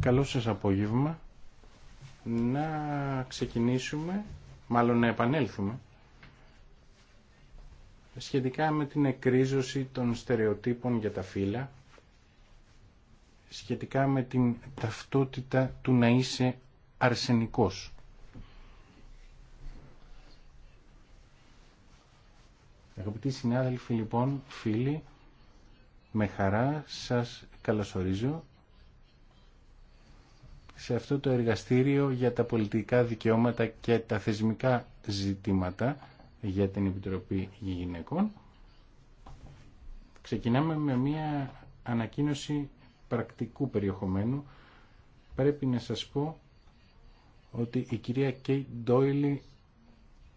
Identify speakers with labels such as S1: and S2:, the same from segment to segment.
S1: Καλό σας απόγευμα. Να ξεκινήσουμε, μάλλον να επανέλθουμε, σχετικά με την εκρίζωση των στερεοτύπων για τα φύλλα, σχετικά με την ταυτότητα του να είσαι αρσενικός. Αγαπητοί συνάδελφοι λοιπόν, φίλοι, με χαρά σας καλωσορίζω σε αυτό το εργαστήριο για τα πολιτικά δικαιώματα και τα θεσμικά ζητήματα για την Επιτροπή Γυναικών. Ξεκινάμε με μια ανακοίνωση πρακτικού περιεχομένου. Πρέπει να σας πω ότι η κυρία Κέιτ Ντόιλι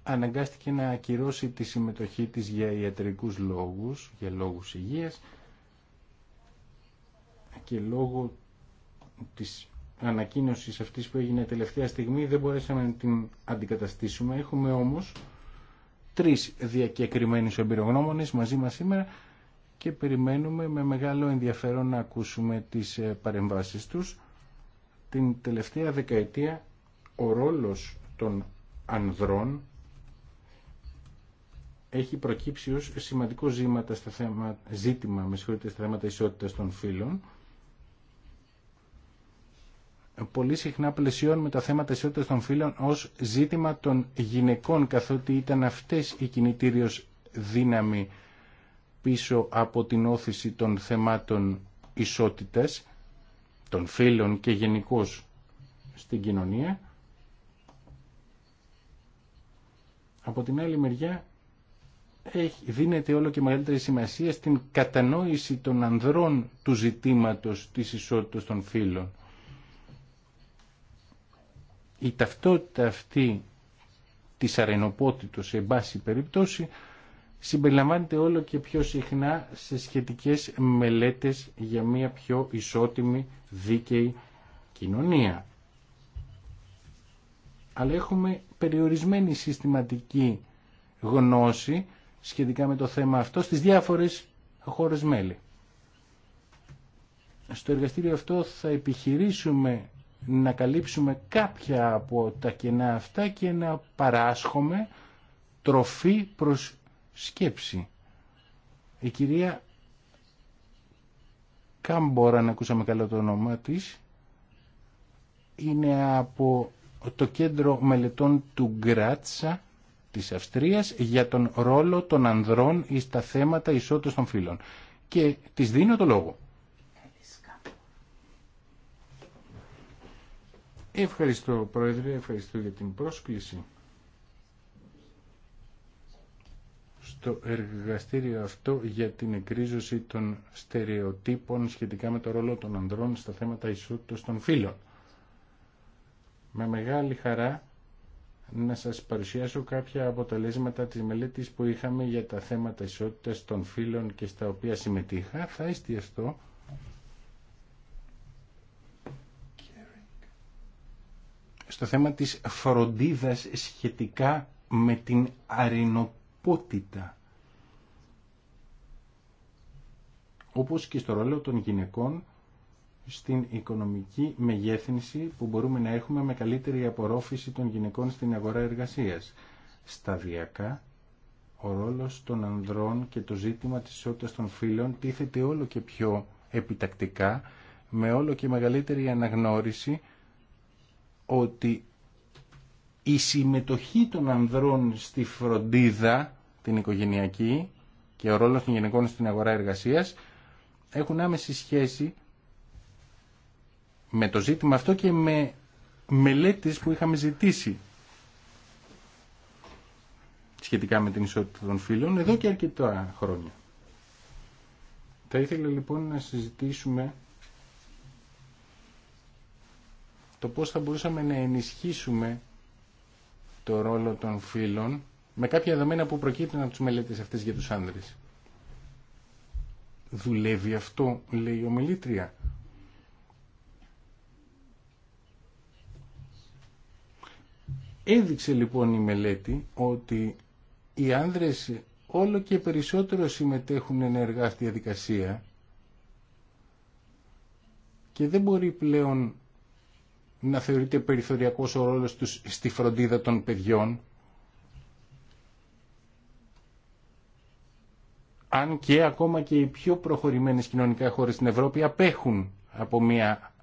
S1: αναγκάστηκε να ακυρώσει τη συμμετοχή της για ιατρικούς λόγους, για λόγους υγείας, και λόγω της ανακοίνωσης αυτής που έγινε τελευταία στιγμή δεν μπορέσαμε να την αντικαταστήσουμε. Έχουμε όμως τρεις διακεκριμένους εμπειρογνώμονες μαζί μας σήμερα και περιμένουμε με μεγάλο ενδιαφέρον να ακούσουμε τις ε, παρεμβάσεις τους. Την τελευταία δεκαετία ο ρόλος των ανδρών έχει προκύψει ως σημαντικό ζήματα στα θέμα, ζήτημα με στα θέματα ισότητας των φύλων πολύ συχνά με τα θέματα ισότητας των φύλων ως ζήτημα των γυναικών καθότι ήταν αυτές η κινητήριος δύναμη πίσω από την όθηση των θεμάτων ισότητας των φύλων και γενικώ στην κοινωνία. Από την άλλη μεριά έχει, δίνεται όλο και μεγαλύτερη σημασία στην κατανόηση των ανδρών του ζητήματος της ισότητας των φύλων η ταυτότητα αυτή της αρενοπότητος σε βάση περιπτώσει συμπεριλαμβάνεται όλο και πιο συχνά σε σχετικές μελέτες για μια πιο ισότιμη δίκαιη κοινωνία. Αλλά έχουμε περιορισμένη συστηματική γνώση σχετικά με το θέμα αυτό στις διάφορες χώρες μέλη. Στο εργαστήριο αυτό θα επιχειρήσουμε να καλύψουμε κάποια από τα κενά αυτά και να παράσχουμε τροφή προς σκέψη. Η κυρία Κάμπορα, να ακούσαμε καλά το όνομά της, είναι από το κέντρο μελετών του Γκράτσα της Αυστρίας για τον ρόλο των ανδρών στα θέματα ισότητας των φύλων. Και της δίνω το λόγο. Ευχαριστώ Πρόεδρε, ευχαριστώ για την πρόσκληση. στο εργαστήριο αυτό για την εκρίζωση των στερεοτύπων σχετικά με το ρόλο των ανδρών στα θέματα ισότητας των φύλων. Με μεγάλη χαρά να σας παρουσιάσω κάποια αποτελέσματα της μελέτης που είχαμε για τα θέματα ισότητας των φύλων και στα οποία συμμετείχα. Θα εστιαστώ στο θέμα της φροντίδας σχετικά με την αρινοπότητα Όπως και στο ρόλο των γυναικών στην οικονομική μεγέθυνση που μπορούμε να έχουμε με καλύτερη απορρόφηση των γυναικών στην αγορά εργασίας. Σταδιακά, ο ρόλος των ανδρών και το ζήτημα της ισότητας των φίλων... τίθεται όλο και πιο επιτακτικά, με όλο και μεγαλύτερη αναγνώριση ότι η συμμετοχή των ανδρών στη φροντίδα, την οικογενειακή και ο ρόλος των γυναικών στην αγορά εργασίας έχουν άμεση σχέση με το ζήτημα αυτό και με μελέτες που είχαμε ζητήσει σχετικά με την ισότητα των φίλων εδώ και αρκετά χρόνια. Θα ήθελα λοιπόν να συζητήσουμε το πώς θα μπορούσαμε να ενισχύσουμε το ρόλο των φίλων με κάποια δεδομένα που προκύπτουν από τις μελέτες αυτές για τους άνδρες. Δουλεύει αυτό, λέει η ομιλήτρια. Έδειξε λοιπόν η μελέτη ότι οι άνδρες όλο και περισσότερο συμμετέχουν ενεργά στη διαδικασία και δεν μπορεί πλέον να θεωρείται περιθωριακός ο ρόλος τους στη φροντίδα των παιδιών. Αν και ακόμα και οι πιο προχωρημένες κοινωνικά χώρες στην Ευρώπη απέχουν από μια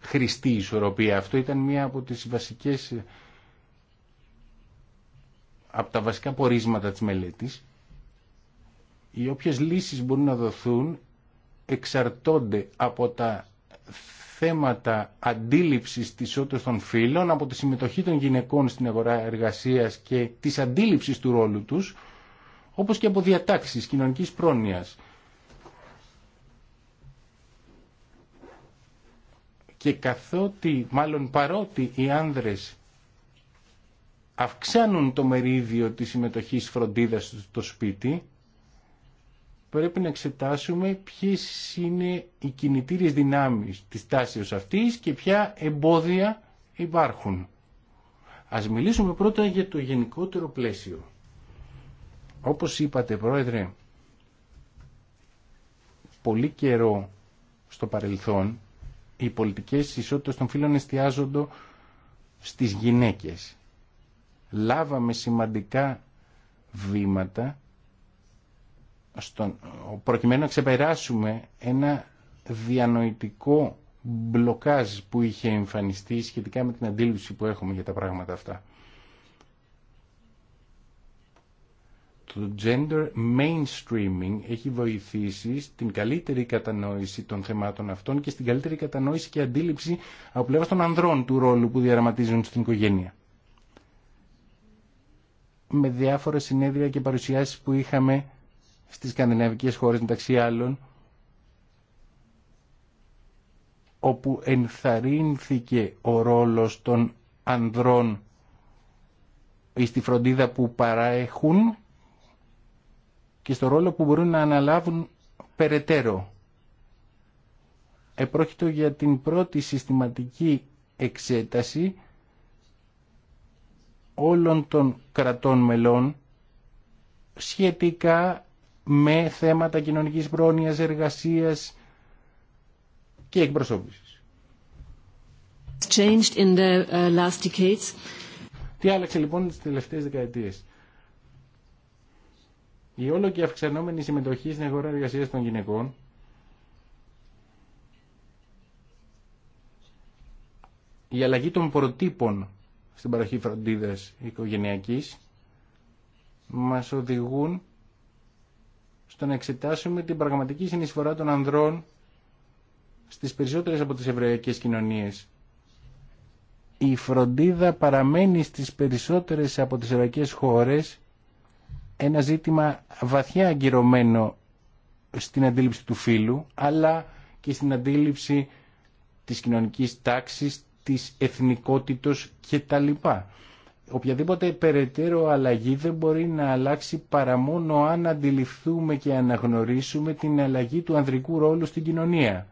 S1: χρηστή ισορροπία. Αυτό ήταν μια από τις βασικές από τα βασικά πορίσματα της μελέτης. Οι όποιες λύσεις μπορούν να δοθούν εξαρτώνται από τα θέματα αντίληψης της ότως των φύλων, από τη συμμετοχή των γυναικών στην αγορά εργασίας και της αντίληψης του ρόλου τους, όπως και από διατάξεις κοινωνικής πρόνοιας. Και καθότι, μάλλον παρότι οι άνδρες αυξάνουν το μερίδιο της συμμετοχής φροντίδας στο σπίτι, πρέπει να εξετάσουμε ποιες είναι οι κινητήριες δυνάμεις της τάσεως αυτής και ποια εμπόδια υπάρχουν. Ας μιλήσουμε πρώτα για το γενικότερο πλαίσιο. Όπως είπατε πρόεδρε, πολύ καιρό στο παρελθόν οι πολιτικές ισότητες των φίλων εστιάζονται στις γυναίκες. Λάβαμε σημαντικά βήματα προκειμένου να ξεπεράσουμε ένα διανοητικό μπλοκάζ που είχε εμφανιστεί σχετικά με την αντίληψη που έχουμε για τα πράγματα αυτά. Το gender mainstreaming έχει βοηθήσει στην καλύτερη κατανόηση των θεμάτων αυτών και στην καλύτερη κατανόηση και αντίληψη από πλευρά των ανδρών του ρόλου που διαρματίζουν στην οικογένεια. Με διάφορα συνέδρια και παρουσιάσεις που είχαμε στις σκανδιναβικές χώρες μεταξύ άλλων όπου ενθαρρύνθηκε ο ρόλος των ανδρών στη φροντίδα που παραέχουν και στο ρόλο που μπορούν να αναλάβουν περαιτέρω. Επρόκειτο για την πρώτη συστηματική εξέταση όλων των κρατών μελών σχετικά με θέματα κοινωνικής πρόνοιας, εργασίας και εκπροσώπησης. in the uh, last Τι άλλαξε λοιπόν τις τελευταίες δεκαετίες. Η όλο και αυξανόμενη συμμετοχή στην αγορά εργασίας των γυναικών η αλλαγή των προτύπων στην παροχή φροντίδας οικογενειακής μας οδηγούν στο να εξετάσουμε την πραγματική συνεισφορά των ανδρών στις περισσότερες από τις εβραϊκές κοινωνίες. Η φροντίδα παραμένει στις περισσότερες από τις εβραϊκές χώρες ένα ζήτημα βαθιά αγκυρωμένο στην αντίληψη του φίλου, αλλά και στην αντίληψη της κοινωνικής τάξης, της εθνικότητος κτλ οποιαδήποτε περαιτέρω αλλαγή δεν μπορεί να αλλάξει παρά μόνο αν αντιληφθούμε και αναγνωρίσουμε την αλλαγή του ανδρικού ρόλου στην κοινωνία.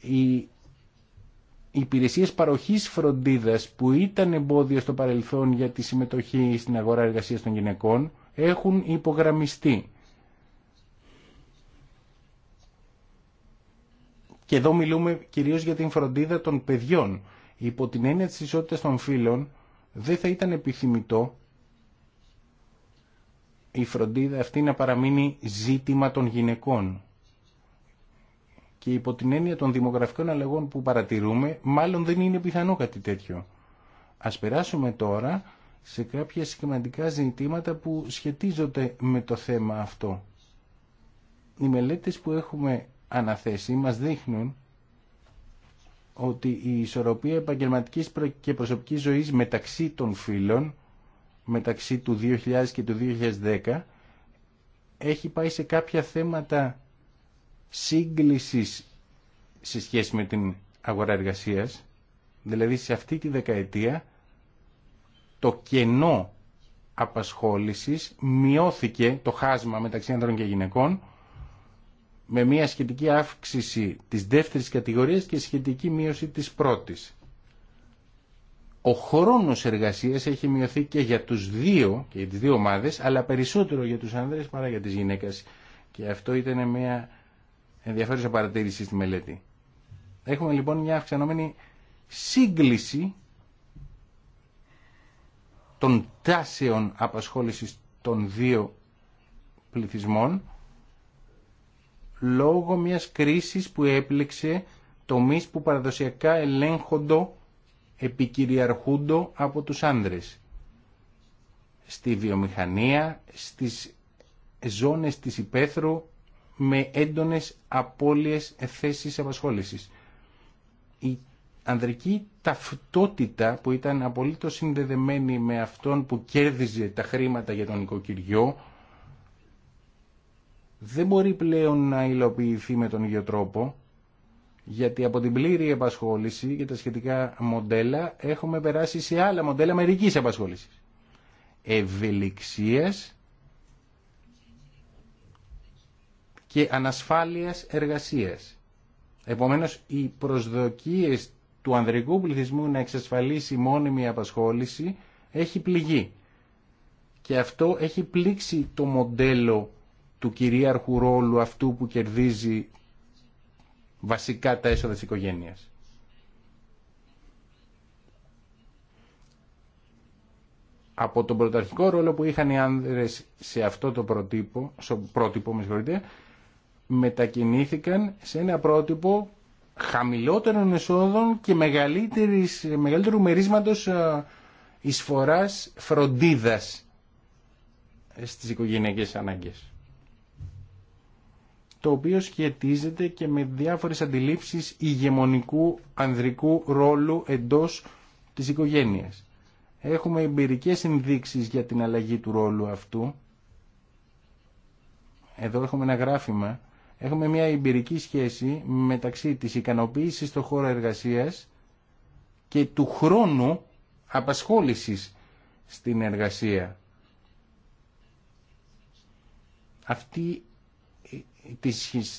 S1: Οι υπηρεσίες παροχής φροντίδας που ήταν εμπόδιο στο παρελθόν για τη συμμετοχή στην αγορά εργασίας των γυναικών έχουν υπογραμμιστεί. Και εδώ μιλούμε κυρίως για την φροντίδα των παιδιών. Υπό την έννοια της ισότητας των φύλων, δεν θα ήταν επιθυμητό η φροντίδα αυτή να παραμείνει ζήτημα των γυναικών. Και υπό την έννοια των δημογραφικών αλλαγών που παρατηρούμε, μάλλον δεν είναι πιθανό κάτι τέτοιο. Ας περάσουμε τώρα σε κάποια σημαντικά ζητήματα που σχετίζονται με το θέμα αυτό. Οι μελέτες που έχουμε αναθέσει μας δείχνουν ότι η ισορροπία επαγγελματικής και προσωπικής ζωής μεταξύ των φύλων, μεταξύ του 2000 και του 2010, έχει πάει σε κάποια θέματα σύγκλησης σε σχέση με την αγορά εργασίας. Δηλαδή σε αυτή τη δεκαετία το κενό απασχόλησης μειώθηκε το χάσμα μεταξύ ανδρών και γυναικών με μια σχετική αύξηση της δεύτερης κατηγορίας και σχετική μείωση της πρώτης. Ο χρόνος εργασίας έχει μειωθεί και για τους δύο, και για τις δύο ομάδες, αλλά περισσότερο για τους άνδρες παρά για τις γυναίκες. Και αυτό ήταν μια ενδιαφέρουσα παρατήρηση στη μελέτη. Έχουμε λοιπόν μια αυξανόμενη σύγκληση των τάσεων απασχόλησης των δύο πληθυσμών λόγω μιας κρίσης που έπληξε τομείς που παραδοσιακά ελέγχοντο επικυριαρχούντο από τους άνδρες. Στη βιομηχανία, στις ζώνες της υπαίθρου με έντονες απώλειες θέσεις απασχόλησης. Η ανδρική ταυτότητα που ήταν απολύτως συνδεδεμένη με αυτόν που κέρδιζε τα χρήματα για τον οικοκυριό δεν μπορεί πλέον να υλοποιηθεί με τον ίδιο τρόπο γιατί από την πλήρη επασχόληση και τα σχετικά μοντέλα έχουμε περάσει σε άλλα μοντέλα μερική επασχόλησης. Ευελιξία και ανασφάλειας εργασίας. Επομένως, οι προσδοκίες του ανδρικού πληθυσμού να εξασφαλίσει μόνιμη απασχόληση έχει πληγεί. Και αυτό έχει πλήξει το μοντέλο του κυρίαρχου ρόλου αυτού που κερδίζει βασικά τα έσοδα της οικογένειας. Από τον πρωταρχικό ρόλο που είχαν οι άνδρες σε αυτό το πρότυπο, στο πρότυπο με μετακινήθηκαν σε ένα πρότυπο χαμηλότερων εσόδων και μεγαλύτερου μερίσματος εισφοράς φροντίδας ε, στις οικογενειακές ανάγκες το οποίο σχετίζεται και με διάφορες αντιλήψεις ηγεμονικού ανδρικού ρόλου εντός της οικογένειας. Έχουμε εμπειρικές ενδείξεις για την αλλαγή του ρόλου αυτού. Εδώ έχουμε ένα γράφημα. Έχουμε μια εμπειρική σχέση μεταξύ της ικανοποίησης στον χώρο εργασίας και του χρόνου απασχόλησης στην εργασία. Αυτή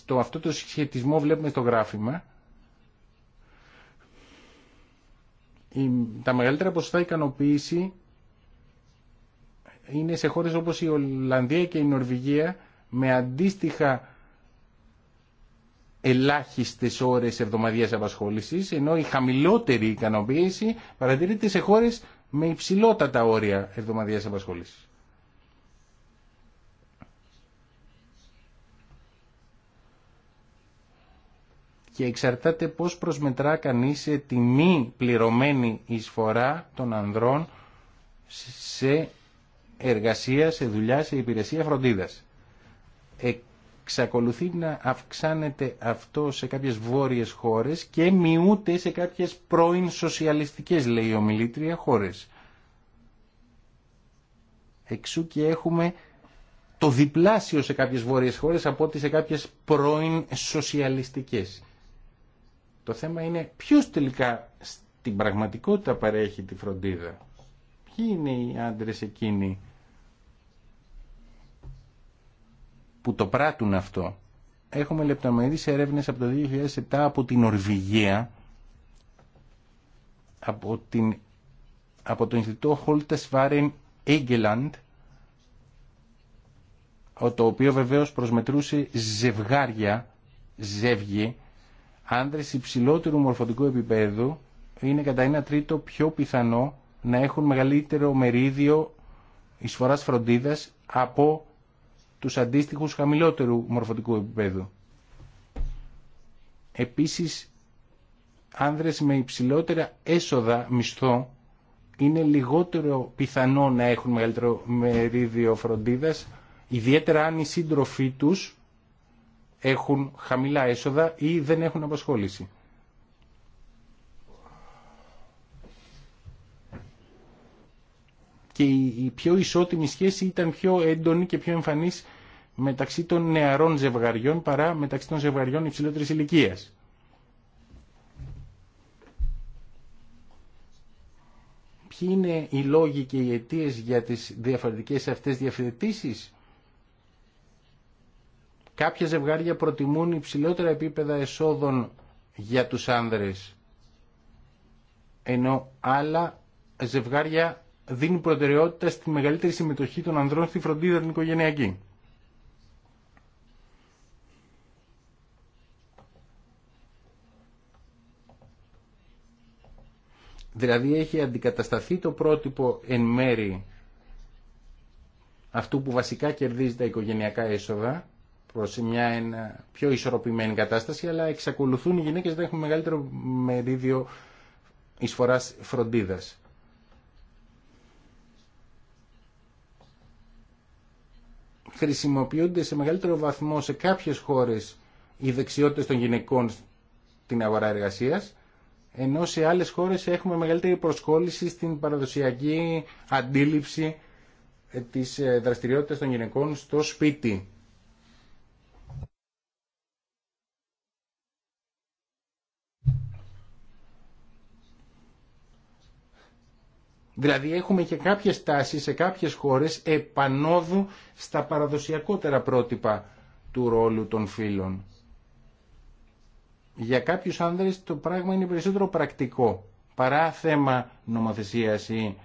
S1: το, αυτό το σχετισμό βλέπουμε στο γράφημα τα μεγαλύτερα ποσοστά ικανοποίηση είναι σε χώρες όπως η Ολλανδία και η Νορβηγία με αντίστοιχα ελάχιστες ώρες εβδομαδιαίας απασχόλησης, ενώ η χαμηλότερη ικανοποίηση παρατηρείται σε χώρες με υψηλότατα όρια εβδομαδιαίας απασχόλησης. και εξαρτάται πώς προσμετρά κανείς τη μη πληρωμένη εισφορά των ανδρών σε εργασία, σε δουλειά, σε υπηρεσία φροντίδας. Εξακολουθεί να αυξάνεται αυτό σε κάποιες βόρειες χώρες και μειούται σε κάποιες πρώην σοσιαλιστικές, λέει ομιλήτρια, χώρες. Εξού και έχουμε το διπλάσιο σε κάποιες βόρειες χώρες από ό,τι σε κάποιες πρώην σοσιαλιστικές. Το θέμα είναι ποιος τελικά στην πραγματικότητα παρέχει τη φροντίδα. Ποιοι είναι οι άντρες εκείνοι που το πράττουν αυτό. Έχουμε λεπτομερείς έρευνες από το 2007 από την Ορβηγία, από, από το Ινστιτούτο Χόλτες Βάρεν Έγκελαντ, το οποίο βεβαίως προσμετρούσε ζευγάρια, ζεύγη, άνδρες υψηλότερου μορφωτικού επίπεδου είναι κατά ένα τρίτο πιο πιθανό να έχουν μεγαλύτερο μερίδιο εισφοράς φροντίδας από τους αντίστοιχους χαμηλότερου μορφωτικού επίπεδου. Επίσης, άνδρες με υψηλότερα έσοδα μισθό είναι λιγότερο πιθανό να έχουν μεγαλύτερο μερίδιο φροντίδας, ιδιαίτερα αν οι σύντροφοί τους έχουν χαμηλά έσοδα ή δεν έχουν απασχόληση. Και η πιο ισότιμη σχέση ήταν πιο έντονη και πιο εμφανής μεταξύ των νεαρών ζευγαριών παρά μεταξύ των ζευγαριών υψηλότερης ηλικίας. Ποιοι είναι οι λόγοι και οι αιτίες για τις διαφορετικές αυτές διαφορετήσεις. Κάποια ζευγάρια προτιμούν υψηλότερα επίπεδα εσόδων για τους άνδρες, ενώ άλλα ζευγάρια δίνουν προτεραιότητα στη μεγαλύτερη συμμετοχή των ανδρών στη φροντίδα την οικογενειακή. Δηλαδή έχει αντικατασταθεί το πρότυπο εν μέρη αυτού που βασικά κερδίζει τα οικογενειακά έσοδα προς μια πιο ισορροπημένη κατάσταση, αλλά εξακολουθούν οι γυναίκες να έχουν μεγαλύτερο μερίδιο εισφορά φροντίδα. Χρησιμοποιούνται σε μεγαλύτερο βαθμό σε κάποιες χώρες οι δεξιότητες των γυναικών στην αγορά εργασίας, ενώ σε άλλες χώρες έχουμε μεγαλύτερη προσκόλληση στην παραδοσιακή αντίληψη της ε, δραστηριότητας των γυναικών στο σπίτι Δηλαδή έχουμε και κάποιες τάσεις σε κάποιες χώρες επανόδου στα παραδοσιακότερα πρότυπα του ρόλου των φίλων. Για κάποιους άνδρες το πράγμα είναι περισσότερο πρακτικό παρά θέμα νομοθεσίας ή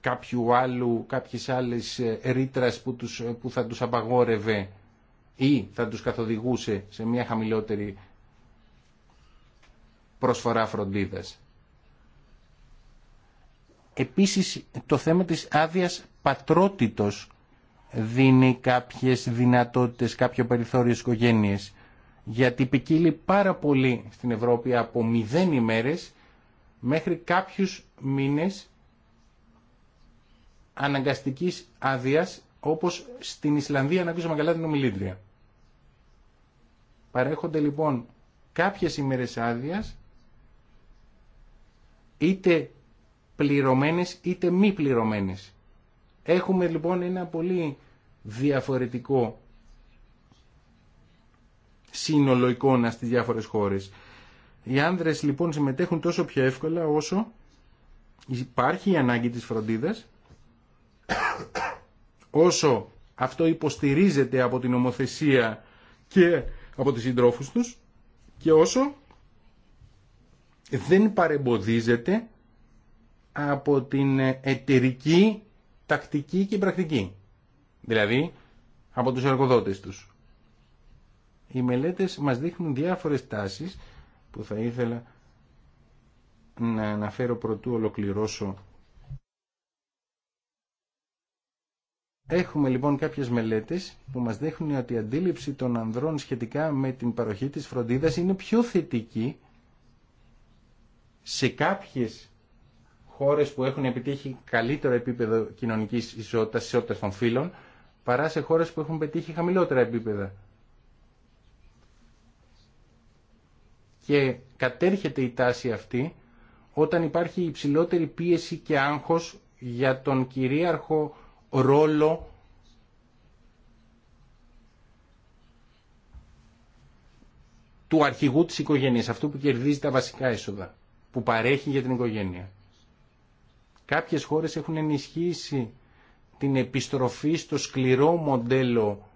S1: κάποιου άλλου, κάποιες άλλες ε, ρήτρας που, τους, ε, που θα τους απαγόρευε ή θα τους καθοδηγούσε σε μια χαμηλότερη προσφορά φροντίδας. Επίσης το θέμα της άδειας πατρότητος δίνει κάποιες δυνατότητες, κάποιο περιθώριο στις οικογένειες. Γιατί ποικίλει πάρα πολύ στην Ευρώπη από μηδέν ημέρες μέχρι κάποιους μήνες αναγκαστικής άδειας όπως στην Ισλανδία, να ακούσαμε καλά την ομιλήτρια. Παρέχονται λοιπόν κάποιες ημέρες άδεια είτε πληρωμένες είτε μη πληρωμένες. Έχουμε λοιπόν ένα πολύ διαφορετικό σύνολο εικόνα στις διάφορες χώρες. Οι άνδρες λοιπόν συμμετέχουν τόσο πιο εύκολα όσο υπάρχει η ανάγκη της φροντίδας, όσο αυτό υποστηρίζεται από την ομοθεσία και από τις συντρόφους τους και όσο δεν παρεμποδίζεται από την εταιρική τακτική και πρακτική. Δηλαδή, από τους εργοδότες τους. Οι μελέτες μας δείχνουν διάφορες τάσεις που θα ήθελα να αναφέρω πρωτού ολοκληρώσω. Έχουμε λοιπόν κάποιες μελέτες που μας δείχνουν ότι η αντίληψη των ανδρών σχετικά με την παροχή της φροντίδας είναι πιο θετική σε κάποιες χώρες που έχουν επιτύχει καλύτερο επίπεδο κοινωνικής ισότητας, ισότητας των φύλων, παρά σε χώρες που έχουν πετύχει χαμηλότερα επίπεδα. Και κατέρχεται η τάση αυτή όταν υπάρχει υψηλότερη πίεση και άγχος για τον κυρίαρχο ρόλο του αρχηγού της οικογένειας, αυτού που κερδίζει τα βασικά έσοδα που παρέχει για την οικογένεια. Κάποιες χώρες έχουν ενισχύσει την επιστροφή στο σκληρό μοντέλο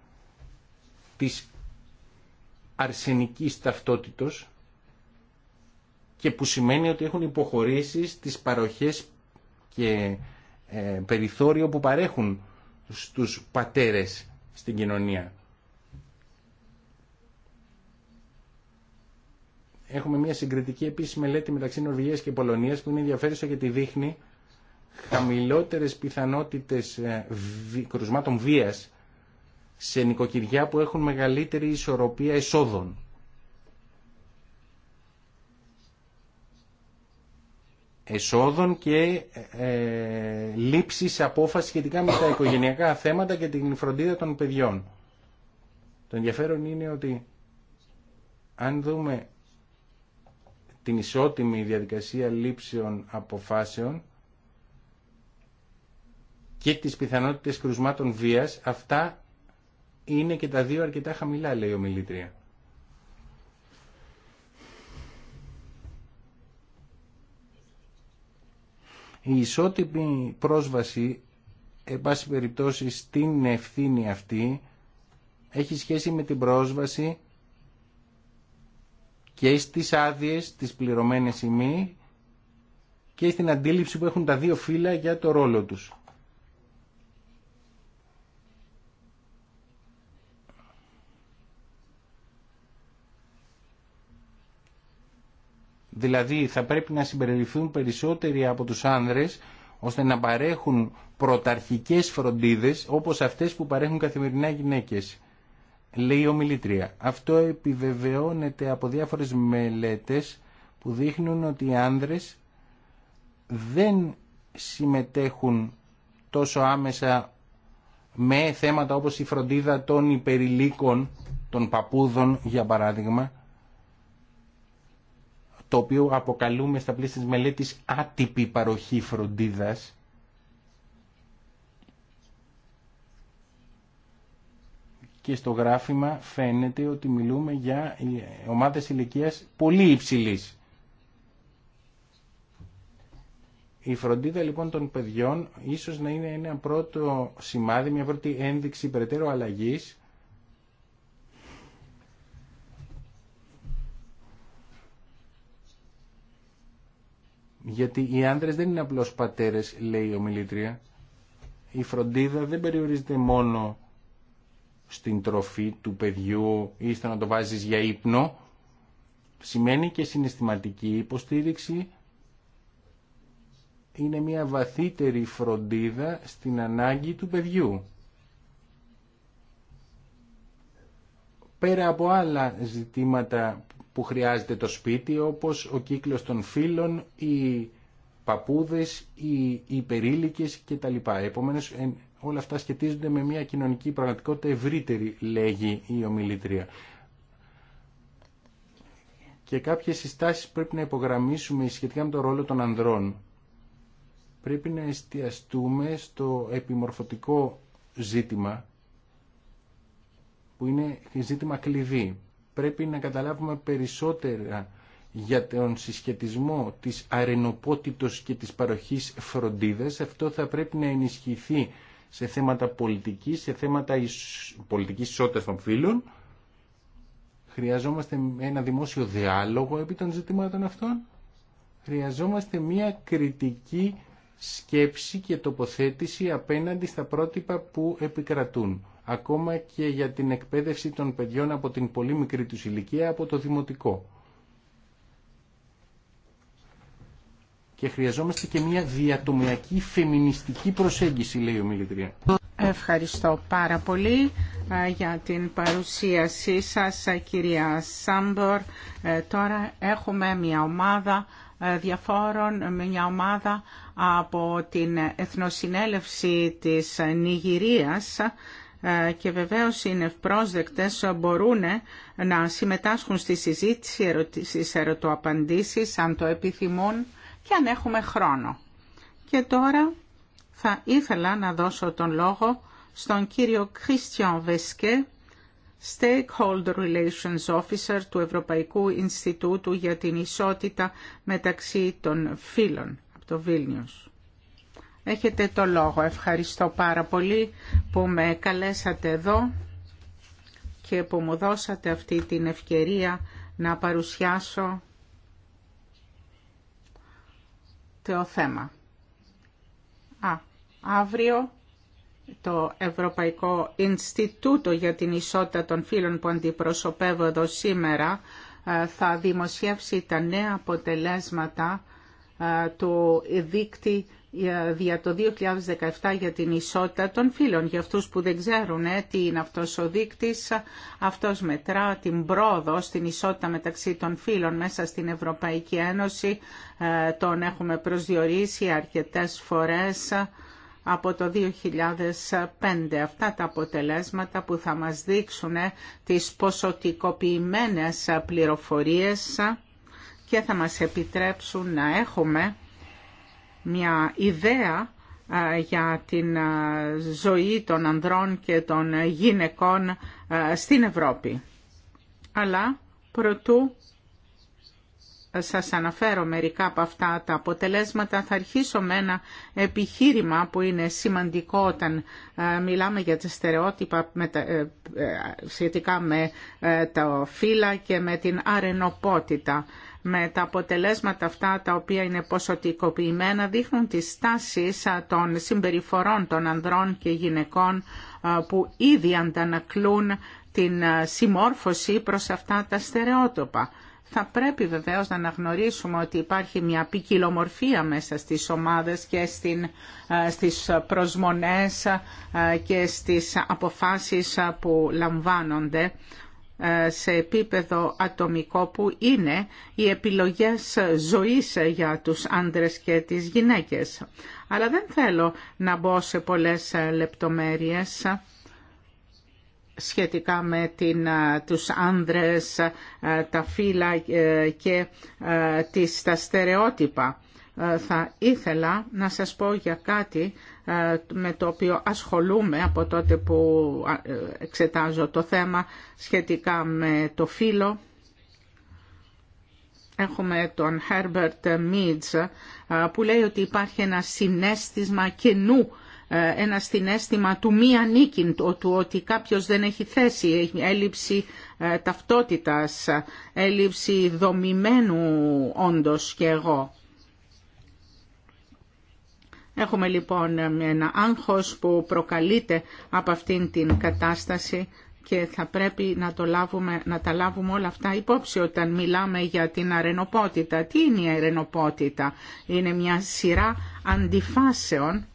S1: της αρσενικής ταυτότητος και που σημαίνει ότι έχουν υποχωρήσει στις παροχές και ε, περιθώριο που παρέχουν στους πατέρες στην κοινωνία. έχουμε μια συγκριτική επίση μελέτη μεταξύ Νορβηγία και Πολωνίας που είναι ενδιαφέρουσα γιατί δείχνει χαμηλότερε πιθανότητες ε, κρουσμάτων βία σε νοικοκυριά που έχουν μεγαλύτερη ισορροπία εσόδων. Εσόδων και ε, ε λήψης απόφαση σχετικά με τα οικογενειακά θέματα και την φροντίδα των παιδιών. Το ενδιαφέρον είναι ότι αν δούμε την ισότιμη διαδικασία λήψεων αποφάσεων και τις πιθανότητες κρουσμάτων βίας, αυτά είναι και τα δύο αρκετά χαμηλά, λέει ο Μιλήτρια. Η ισότιμη πρόσβαση, εν πάση περιπτώσει, στην ευθύνη αυτή, έχει σχέση με την πρόσβαση και στις άδειε, τις πληρωμένες ημί και στην αντίληψη που έχουν τα δύο φύλλα για το ρόλο τους. Δηλαδή θα πρέπει να συμπεριληφθούν περισσότεροι από τους άνδρες ώστε να παρέχουν πρωταρχικές φροντίδες όπως αυτές που παρέχουν καθημερινά γυναίκες λέει η ομιλήτρια. Αυτό επιβεβαιώνεται από διάφορες μελέτες που δείχνουν ότι οι άνδρες δεν συμμετέχουν τόσο άμεσα με θέματα όπως η φροντίδα των υπερηλίκων, των παππούδων για παράδειγμα, το οποίο αποκαλούμε στα πλαίσια της μελέτης άτυπη παροχή φροντίδας, και στο γράφημα φαίνεται ότι μιλούμε για ε, ομάδες ηλικίας πολύ υψηλής. Η φροντίδα λοιπόν των παιδιών ίσως να είναι ένα πρώτο σημάδι, μια πρώτη ένδειξη περαιτέρω αλλαγής Γιατί οι άντρες δεν είναι απλώς πατέρες, λέει ο ομιλήτρια. Η φροντίδα δεν περιορίζεται μόνο στην τροφή του παιδιού ή στο να το βάζεις για ύπνο σημαίνει και συναισθηματική υποστήριξη είναι μια βαθύτερη φροντίδα στην ανάγκη του παιδιού. Πέρα από άλλα ζητήματα που χρειάζεται το σπίτι όπως ο κύκλος των φίλων, οι παππούδες, οι υπερήλικες κτλ. Επομένως όλα αυτά σχετίζονται με μια κοινωνική πραγματικότητα ευρύτερη, λέγει η ομιλήτρια. Και κάποιες συστάσεις πρέπει να υπογραμμίσουμε σχετικά με τον ρόλο των ανδρών. Πρέπει να εστιαστούμε στο επιμορφωτικό ζήτημα, που είναι ζήτημα κλειδί. Πρέπει να καταλάβουμε περισσότερα για τον συσχετισμό της αρενοπότητος και της παροχής φροντίδας. Αυτό θα πρέπει να ενισχυθεί σε θέματα πολιτικής, σε θέματα πολιτικής ισότητας των φίλων. Χρειαζόμαστε ένα δημόσιο διάλογο επί των ζητημάτων αυτών. Χρειαζόμαστε μια κριτική σκέψη και τοποθέτηση απέναντι στα πρότυπα που επικρατούν. Ακόμα και για την εκπαίδευση των παιδιών από την πολύ μικρή τους ηλικία από το δημοτικό. και χρειαζόμαστε και μια διατομιακή φεμινιστική προσέγγιση, λέει ο Μιλητρία.
S2: Ευχαριστώ πάρα πολύ ε, για την παρουσίασή σας, ε, κυρία Σάμπορ. Ε, τώρα έχουμε μια ομάδα διαφόρων, μια ομάδα από την Εθνοσυνέλευση της Νιγηρίας και βεβαίως είναι ευπρόσδεκτες μπορούν να συμμετάσχουν στη συζήτηση, στις ερωτοαπαντήσεις, αν το επιθυμούν και αν έχουμε χρόνο. Και τώρα θα ήθελα να δώσω τον λόγο στον κύριο Christian Βεσκέ, Stakeholder Relations Officer του Ευρωπαϊκού Ινστιτούτου για την Ισότητα μεταξύ των φίλων από το Βίλνιους. Έχετε το λόγο. Ευχαριστώ πάρα πολύ που με καλέσατε εδώ και που μου δώσατε αυτή την ευκαιρία να παρουσιάσω το θέμα. Α, αύριο το Ευρωπαϊκό Ινστιτούτο για την Ισότητα των Φύλων που αντιπροσωπεύω εδώ σήμερα ε, θα δημοσιεύσει τα νέα αποτελέσματα ε, του δίκτυου για το 2017 για την ισότητα των φύλων. Για αυτούς που δεν ξέρουν ε, τι είναι αυτός ο δείκτης, αυτός μετρά την πρόοδο στην ισότητα μεταξύ των φύλων μέσα στην Ευρωπαϊκή Ένωση. Ε, τον έχουμε προσδιορίσει αρκετές φορές ε, από το 2005. Αυτά τα αποτελέσματα που θα μας δείξουν τις ποσοτικοποιημένες πληροφορίες και θα μας επιτρέψουν να έχουμε μια ιδέα ε, για την ε, ζωή των ανδρών και των γυναικών ε, στην Ευρώπη. Αλλά προτού σας αναφέρω μερικά από αυτά τα αποτελέσματα, θα αρχίσω με ένα επιχείρημα που είναι σημαντικό όταν μιλάμε για τα στερεότυπα σχετικά με τα φύλλα και με την αρενοπότητα με τα αποτελέσματα αυτά τα οποία είναι ποσοτικοποιημένα δείχνουν τις στάσεις των συμπεριφορών των ανδρών και γυναικών που ήδη αντανακλούν την συμμόρφωση προς αυτά τα στερεότυπα. Θα πρέπει βεβαίως να αναγνωρίσουμε ότι υπάρχει μια ποικιλομορφία μέσα στις ομάδες και στην, στις προσμονές και στις αποφάσεις που λαμβάνονται σε επίπεδο ατομικό που είναι οι επιλογές ζωής για τους άντρες και τις γυναίκες. Αλλά δεν θέλω να μπω σε πολλές λεπτομέρειες σχετικά με την, τους άνδρες, τα φύλλα ε, και ε, τις, τα στερεότυπα. Ε, θα ήθελα να σας πω για κάτι ε, με το οποίο ασχολούμαι από τότε που ε, εξετάζω το θέμα σχετικά με το φύλλο. Έχουμε τον Herbert Meads που λέει ότι υπάρχει ένα συνέστημα καινού, ένα συνέστημα του μη ανήκειν, του ότι κάποιος δεν έχει θέση, έχει έλλειψη ταυτότητας, έλλειψη δομημένου όντως και εγώ. Έχουμε λοιπόν ένα άγχος που προκαλείται από αυτήν την κατάσταση και θα πρέπει να, το λάβουμε, να τα λάβουμε όλα αυτά υπόψη όταν μιλάμε για την αρενοπότητα. Τι είναι η αρενοπότητα? Είναι μια σειρά αντιφάσεων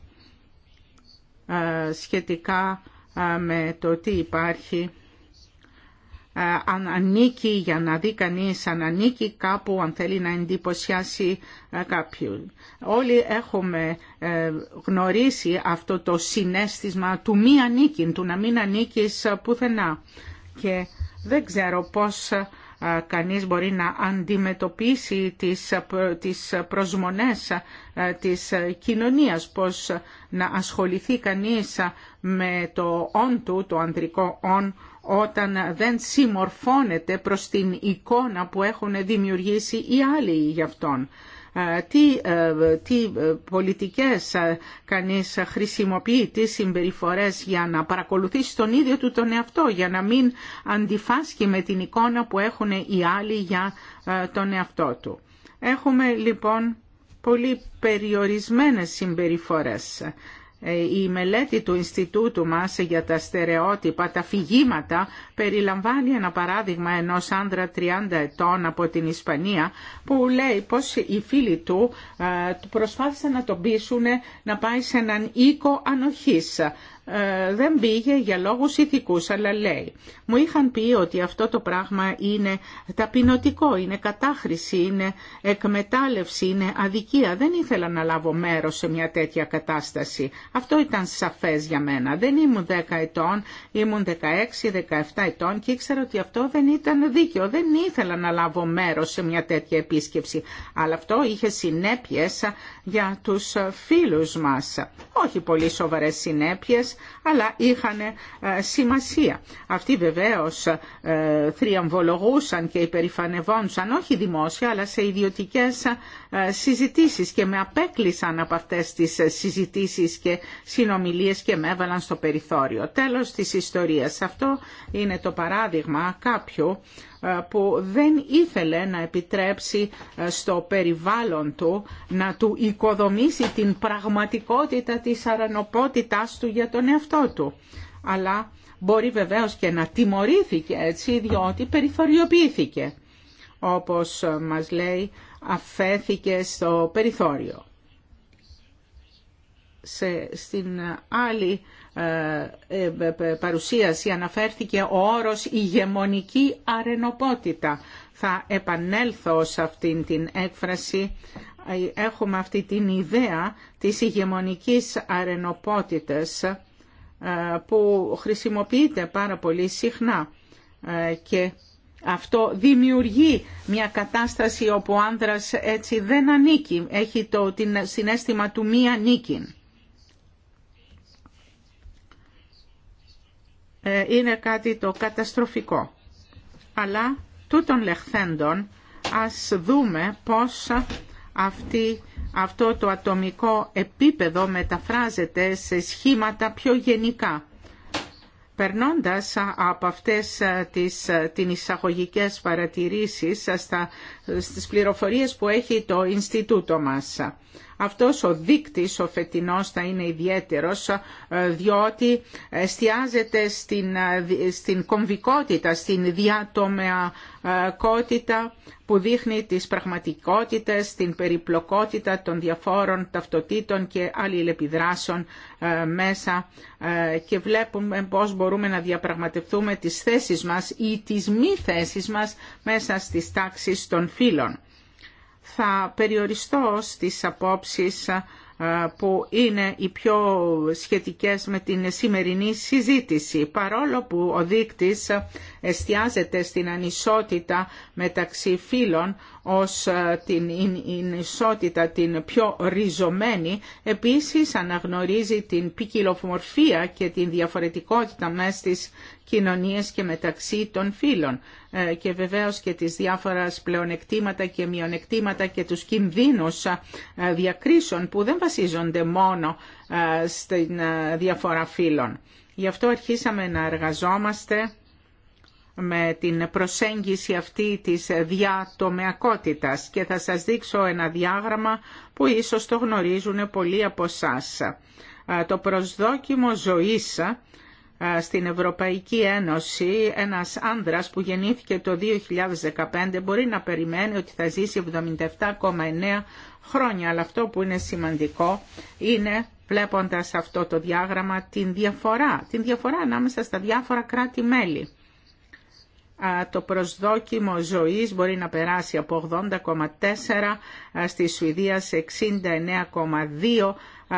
S2: ε, σχετικά ε, με το τι υπάρχει ε, αν ανήκει, για να δει κανείς αν ανήκει κάπου, αν θέλει να εντυπωσιάσει ε, κάποιον. Όλοι έχουμε ε, γνωρίσει αυτό το συνέστημα του μη ανήκει, του να μην ανήκεις πουθενά. Και δεν ξέρω πώς κανείς μπορεί να αντιμετωπίσει τις, τις προσμονές της κοινωνίας, πώς να ασχοληθεί κανείς με το «ον» του, το ανδρικό «ον», όταν δεν συμμορφώνεται προς την εικόνα που έχουν δημιουργήσει οι άλλοι για αυτόν. Ε, τι, ε, τι ε, πολιτικές κανείς χρησιμοποιεί, τι συμπεριφορές για να παρακολουθήσει τον ίδιο του τον εαυτό, για να μην αντιφάσκει με την εικόνα που έχουν οι άλλοι για τον εαυτό του. Έχουμε λοιπόν πολύ περιορισμένες συμπεριφορές ε, η μελέτη του Ινστιτούτου μας για τα στερεότυπα, τα φυγήματα, περιλαμβάνει ένα παράδειγμα ενός άντρα 30 ετών από την Ισπανία που λέει πως οι φίλοι του ε, προσπάθησαν να τον πείσουν να πάει σε έναν οίκο ανοχής. Ε, δεν πήγε για λόγους ηθικούς, αλλά λέει «Μου είχαν πει ότι αυτό το πράγμα είναι ταπεινωτικό, είναι κατάχρηση, είναι εκμετάλλευση, είναι αδικία. Δεν ήθελα να λάβω μέρος σε μια τέτοια κατάσταση. Αυτό ήταν σαφές για μένα. Δεν ήμουν 10 ετών, ήμουν 16-17 ετών και ήξερα ότι αυτό δεν ήταν δίκαιο. Δεν ήθελα να λάβω μέρος σε μια τέτοια επίσκεψη. Αλλά αυτό είχε συνέπειες για τους φίλους μας. Όχι πολύ σοβαρές συνέπειες, αλλά είχαν ε, σημασία. Αυτοί βεβαίως ε, θριαμβολογούσαν και υπερηφανευόντουσαν όχι δημόσια αλλά σε ιδιωτικές ε, ε, συζητήσεις και με απέκλεισαν από αυτές τις ε, συζητήσεις και συνομιλίες και με έβαλαν στο περιθώριο. Τέλος της ιστορίας. Αυτό είναι το παράδειγμα κάποιου ε, που δεν ήθελε να επιτρέψει στο περιβάλλον του να του οικοδομήσει την πραγματικότητα της αρανοπότητάς του για τον εαυτό του. Αλλά μπορεί βεβαίως και να τιμωρήθηκε έτσι διότι περιθωριοποιήθηκε. Όπως μας λέει αφέθηκε στο περιθώριο. Σε, στην άλλη ε, ε, παρουσίαση αναφέρθηκε ο όρος «ηγεμονική αρενοπότητα». Θα επανέλθω σε αυτήν την έκφραση. Ε, έχουμε αυτή την ιδέα της ηγεμονικής αρενοπότητας που χρησιμοποιείται πάρα πολύ συχνά και αυτό δημιουργεί μια κατάσταση όπου ο άνδρας έτσι δεν ανήκει, έχει το την συνέστημα του μη ανήκει. Ε, είναι κάτι το καταστροφικό. Αλλά τούτων λεχθέντων ας δούμε πώς αυτή, αυτό το ατομικό επίπεδο μεταφράζεται σε σχήματα πιο γενικά Περνώντας από αυτές ε, τις ε, την εισαγωγικές παρατηρήσεις ε, στα, στις πληροφορίες που έχει το Ινστιτούτο μας. Αυτός ο δείκτης ο φετινός θα είναι ιδιαίτερος ε, διότι εστιάζεται στην, ε, στην κομβικότητα, στην διατομεακότητα που δείχνει τις πραγματικότητες, την περιπλοκότητα των διαφόρων ταυτοτήτων και αλληλεπιδράσεων ε, μέσα και βλέπουμε πώς μπορούμε να διαπραγματευτούμε τις θέσεις μας ή τις μη θέσεις μας μέσα στις τάξεις των φύλων θα περιοριστώ στις απόψεις ε, που είναι οι πιο σχετικές με την σημερινή συζήτηση, παρόλο που ο δείκτης εστιάζεται στην ανισότητα μεταξύ φύλων ως ε, την ισότητα την πιο ριζωμένη, επίσης αναγνωρίζει την ποικιλομορφία και την διαφορετικότητα μέσα στις κοινωνίες και μεταξύ των φύλων ε, και βεβαίως και τις διάφορες πλεονεκτήματα και μειονεκτήματα και τους κινδύνους ε, διακρίσεων που δεν βασίζονται μόνο στην διαφορά φύλων. Γι' αυτό αρχίσαμε να εργαζόμαστε με την προσέγγιση αυτή της διατομεακότητας και θα σας δείξω ένα διάγραμμα που ίσως το γνωρίζουν πολλοί από εσά. Το προσδόκιμο ζωής στην Ευρωπαϊκή Ένωση ένας άνδρας που γεννήθηκε το 2015 μπορεί να περιμένει ότι θα ζήσει 77,9 χρόνια. Αλλά αυτό που είναι σημαντικό είναι βλέποντας αυτό το διάγραμμα την διαφορά, την διαφορά ανάμεσα στα διάφορα κράτη-μέλη το προσδόκιμο ζωής μπορεί να περάσει από 80,4 στη Σουηδία σε 69,2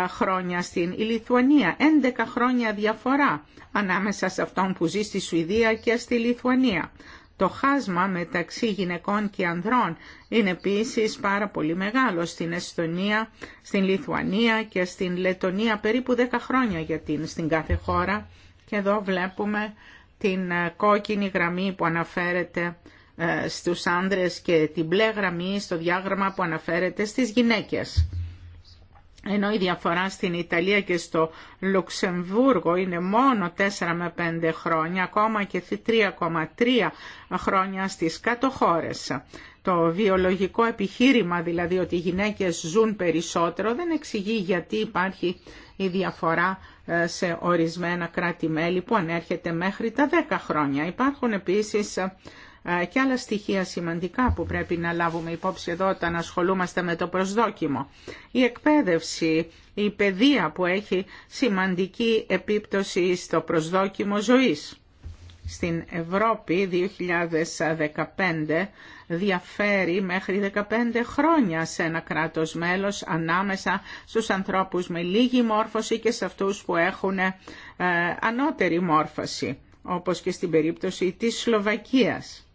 S2: χρόνια στην Λιθουανία. 11 χρόνια διαφορά ανάμεσα σε αυτόν που ζει στη Σουηδία και στη Λιθουανία. Το χάσμα μεταξύ γυναικών και ανδρών είναι επίσης πάρα πολύ μεγάλο στην Εστονία, στην Λιθουανία και στην Λετονία περίπου 10 χρόνια για στην κάθε χώρα. Και εδώ βλέπουμε την ε, κόκκινη γραμμή που αναφέρεται ε, στους άνδρες και την μπλε γραμμή στο διάγραμμα που αναφέρεται στις γυναίκες. Ενώ η διαφορά στην Ιταλία και στο Λουξεμβούργο είναι μόνο 4 με 5 χρόνια, ακόμα και 3,3 χρόνια στις κάτω χώρες. Το βιολογικό επιχείρημα, δηλαδή ότι οι γυναίκες ζουν περισσότερο, δεν εξηγεί γιατί υπάρχει η διαφορά ε, σε ορισμένα κράτη-μέλη που ανέρχεται μέχρι τα 10 χρόνια. Υπάρχουν επίσης ε, και άλλα στοιχεία σημαντικά που πρέπει να λάβουμε υπόψη εδώ όταν ασχολούμαστε με το προσδόκιμο. Η εκπαίδευση, η παιδεία που έχει σημαντική επίπτωση στο προσδόκιμο ζωής. Στην Ευρώπη 2015 διαφέρει μέχρι 15 χρόνια σε ένα κράτος μέλος ανάμεσα στους ανθρώπους με λίγη μόρφωση και σε αυτούς που έχουν ε, ανώτερη μόρφωση, όπως και στην περίπτωση της Σλοβακίας.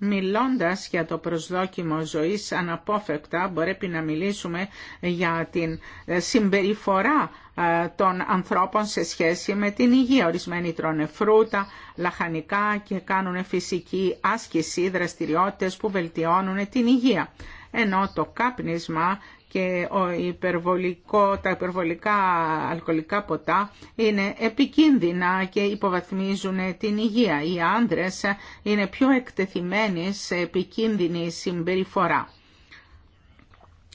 S2: Μιλώντας για το προσδόκιμο ζωής αναπόφευκτα μπορεί να μιλήσουμε για την ε, συμπεριφορά ε, των ανθρώπων σε σχέση με την υγεία. Ορισμένοι τρώνε φρούτα, λαχανικά και κάνουν φυσική άσκηση, δραστηριότητες που βελτιώνουν την υγεία. Ενώ το κάπνισμα και ο τα υπερβολικά αλκοολικά ποτά είναι επικίνδυνα και υποβαθμίζουν την υγεία. Οι άνδρες είναι πιο εκτεθειμένοι σε επικίνδυνη συμπεριφορά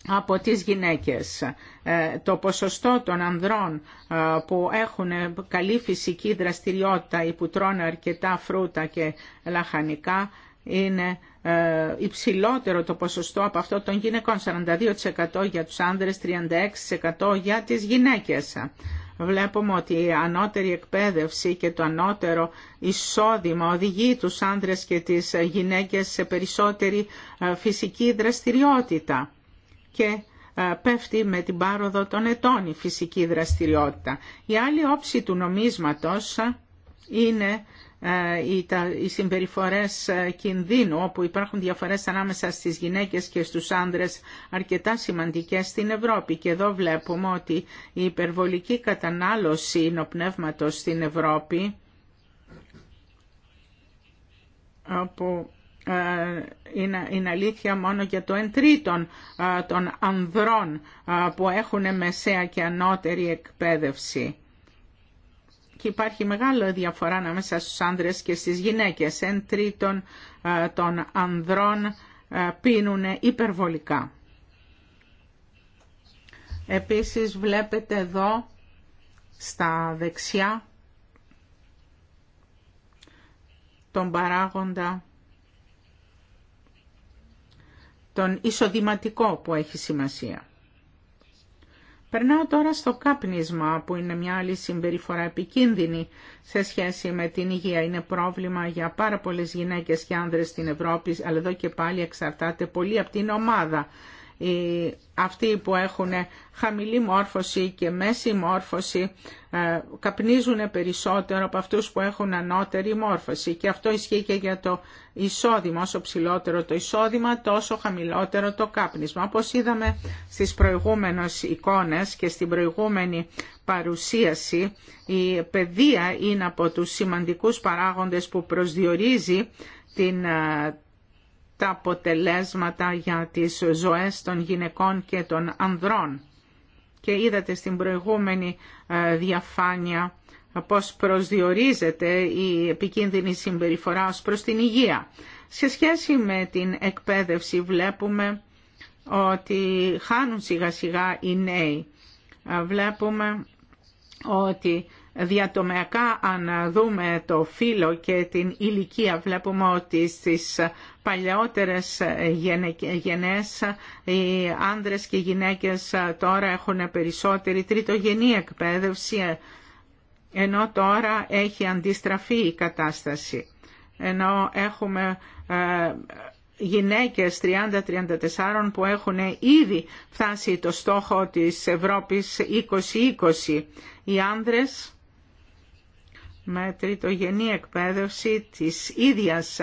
S2: από τις γυναίκες. Ε, το ποσοστό των ανδρών ε, που έχουν καλή φυσική δραστηριότητα ή που τρώνε αρκετά φρούτα και λαχανικά είναι ε, υψηλότερο το ποσοστό από αυτό των γυναικών, 42% για τους άνδρες, 36% για τις γυναίκες. Βλέπουμε ότι η ανώτερη εκπαίδευση και το ανώτερο εισόδημα οδηγεί τους άνδρες και τις γυναίκες σε περισσότερη ε, φυσική δραστηριότητα και ε, πέφτει με την πάροδο των ετών η φυσική δραστηριότητα. Η άλλη όψη του νομίσματος είναι ε, οι συμπεριφορές ε, κινδύνου όπου υπάρχουν διαφορές ανάμεσα στις γυναίκες και στους άντρες αρκετά σημαντικές στην Ευρώπη και εδώ βλέπουμε ότι η υπερβολική κατανάλωση νοπνεύματος στην Ευρώπη όπου ε, είναι αλήθεια μόνο για το εν τρίτον των ανδρών που έχουν μεσαία και ανώτερη εκπαίδευση και υπάρχει μεγάλη διαφορά ανάμεσα στους άνδρες και στις γυναίκες. Εν τρίτον ε, των ανδρών ε, πίνουν υπερβολικά. Επίσης βλέπετε εδώ στα δεξιά τον παράγοντα τον εισοδηματικό που έχει σημασία. Περνάω τώρα στο κάπνισμα, που είναι μια άλλη συμπεριφορά επικίνδυνη σε σχέση με την υγεία. Είναι πρόβλημα για πάρα πολλές γυναίκες και άνδρες στην Ευρώπη, αλλά εδώ και πάλι εξαρτάται πολύ από την ομάδα αυτοί που έχουν χαμηλή μόρφωση και μέση μόρφωση ε, καπνίζουν περισσότερο από αυτούς που έχουν ανώτερη μόρφωση και αυτό ισχύει και για το εισόδημα. Όσο ψηλότερο το εισόδημα τόσο χαμηλότερο το κάπνισμα. Όπως είδαμε στις προηγούμενες εικόνες και στην προηγούμενη παρουσίαση η παιδεία είναι από τους σημαντικούς παράγοντες που προσδιορίζει την ε, τα αποτελέσματα για τις ζωές των γυναικών και των ανδρών. Και είδατε στην προηγούμενη ε, διαφάνεια πώς προσδιορίζεται η επικίνδυνη συμπεριφορά ως προς την υγεία. Σε σχέση με την εκπαίδευση βλέπουμε ότι χάνουν σιγά σιγά οι νέοι. Ε, βλέπουμε ότι διατομεακά αν δούμε το φύλλο και την ηλικία βλέπουμε ότι στις παλαιότερες γενές οι άνδρες και οι γυναίκες τώρα έχουν περισσότερη τριτογενή εκπαίδευση ενώ τώρα έχει αντιστραφεί η κατάσταση. Ενώ έχουμε ε, γυναίκες 30-34 που έχουν ήδη φτάσει το στόχο της Ευρώπης 2020. Οι άνδρες με τριτογενή εκπαίδευση της ίδιας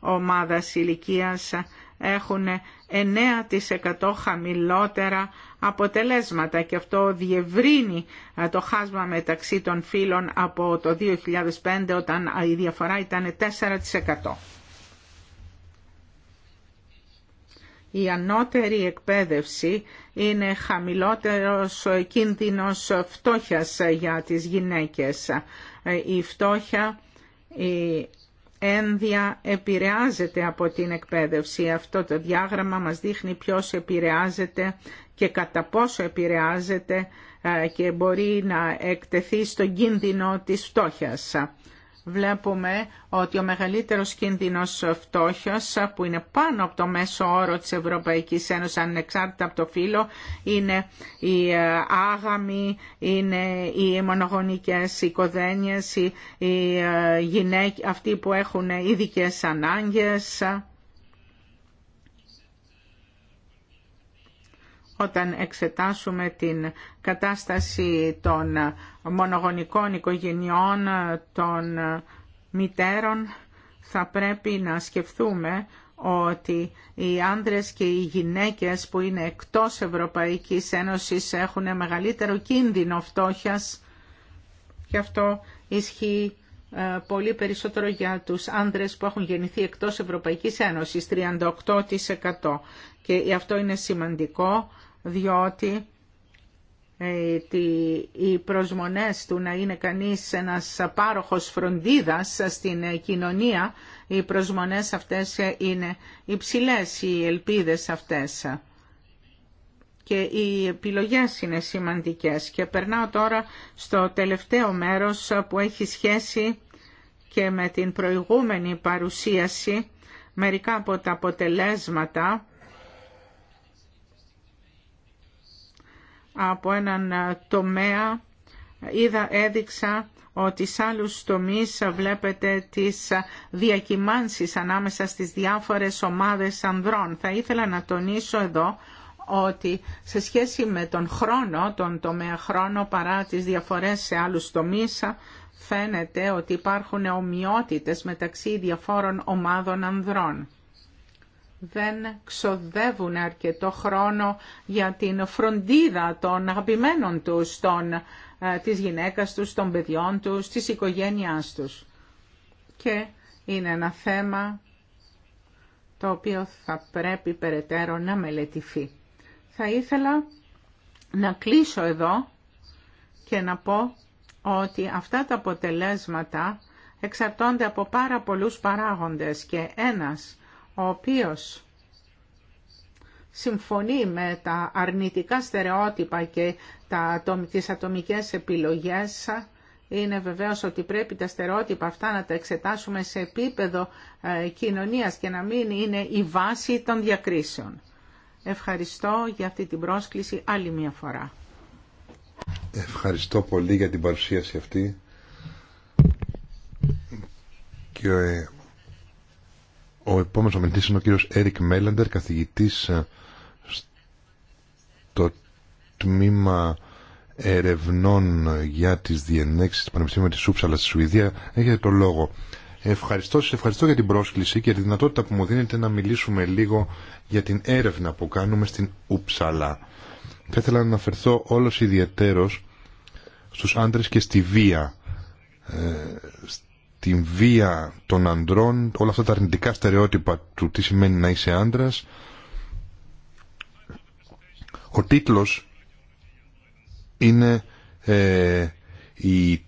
S2: ομάδας ηλικίας έχουν 9% χαμηλότερα αποτελέσματα και αυτό διευρύνει ε, το χάσμα μεταξύ των φύλων από το 2005 όταν ε, η διαφορά ήταν 4%. Η ανώτερη εκπαίδευση είναι χαμηλότερος κίνδυνος φτώχειας ε, για τις γυναίκες. Η φτώχεια ένδια επηρεάζεται από την εκπαίδευση. Αυτό το διάγραμμα μας δείχνει ποιος επηρεάζεται και κατά πόσο επηρεάζεται ε, και μπορεί να εκτεθεί στον κίνδυνο της φτώχειας βλέπουμε ότι ο μεγαλύτερος κίνδυνος φτώχειας που είναι πάνω από το μέσο όρο της Ευρωπαϊκής Ένωσης ανεξάρτητα από το φύλλο είναι οι ε, άγαμοι, είναι οι μονογονικές οικοδένειες, οι ε, γυναίκες, αυτοί που έχουν ειδικέ ανάγκες όταν εξετάσουμε την κατάσταση των μονογονικών οικογενειών, των μητέρων, θα πρέπει να σκεφτούμε ότι οι άνδρες και οι γυναίκες που είναι εκτός Ευρωπαϊκής Ένωσης έχουν μεγαλύτερο κίνδυνο φτώχειας και αυτό ισχύει ε, πολύ περισσότερο για τους άνδρες που έχουν γεννηθεί εκτός Ευρωπαϊκής Ένωσης, 38%. Και αυτό είναι σημαντικό διότι ε, οι προσμονές του να είναι κανείς ένας πάροχος φροντίδας στην ε, κοινωνία, οι προσμονές αυτές ε, είναι υψηλές, οι ελπίδες αυτές. Και οι επιλογές είναι σημαντικές. Και περνάω τώρα στο τελευταίο μέρος που έχει σχέση και με την προηγούμενη παρουσίαση, μερικά από τα αποτελέσματα από έναν ε, τομέα είδα, έδειξα ότι σε άλλους τομείς βλέπετε τις ε, διακυμάνσεις ανάμεσα στις διάφορες ομάδες ανδρών. Θα ήθελα να τονίσω εδώ ότι σε σχέση με τον χρόνο, τον τομέα χρόνο, παρά τις διαφορές σε άλλους τομείς, φαίνεται ότι υπάρχουν ομοιότητες μεταξύ διαφόρων ομάδων ανδρών δεν ξοδεύουν αρκετό χρόνο για την φροντίδα των αγαπημένων τους, των, ε, της γυναίκας τους, των παιδιών τους, της οικογένειάς τους. Και είναι ένα θέμα το οποίο θα πρέπει περαιτέρω να μελετηθεί. Θα ήθελα να κλείσω εδώ και να πω ότι αυτά τα αποτελέσματα εξαρτώνται από πάρα πολλούς παράγοντες και ένας ο οποίος συμφωνεί με τα αρνητικά στερεότυπα και τα, τις ατομικές επιλογές είναι βεβαίως ότι πρέπει τα στερεότυπα αυτά να τα εξετάσουμε σε επίπεδο ε, κοινωνίας και να μην είναι η βάση των διακρίσεων. Ευχαριστώ για αυτή την πρόσκληση άλλη μια φορά.
S3: Ευχαριστώ πολύ για την παρουσίαση αυτή. Ε, ο επόμενος ομιλητής είναι ο κύριος Έρικ Μέλλαντερ, καθηγητής ε, στο τμήμα ερευνών για τις διενέξεις του Πανεπιστήμιου της Σούψαλα στη Σουηδία. Έχετε το λόγο. Ευχαριστώ, σας ευχαριστώ για την πρόσκληση και τη δυνατότητα που μου δίνετε να μιλήσουμε λίγο για την έρευνα που κάνουμε στην Ούψαλα. Θα ήθελα να αναφερθώ όλος ιδιαιτέρως στους άντρες και στη βία, ε, την βία των ανδρών, όλα αυτά τα αρνητικά στερεότυπα του τι σημαίνει να είσαι άντρας. Ο τίτλος είναι ε, η,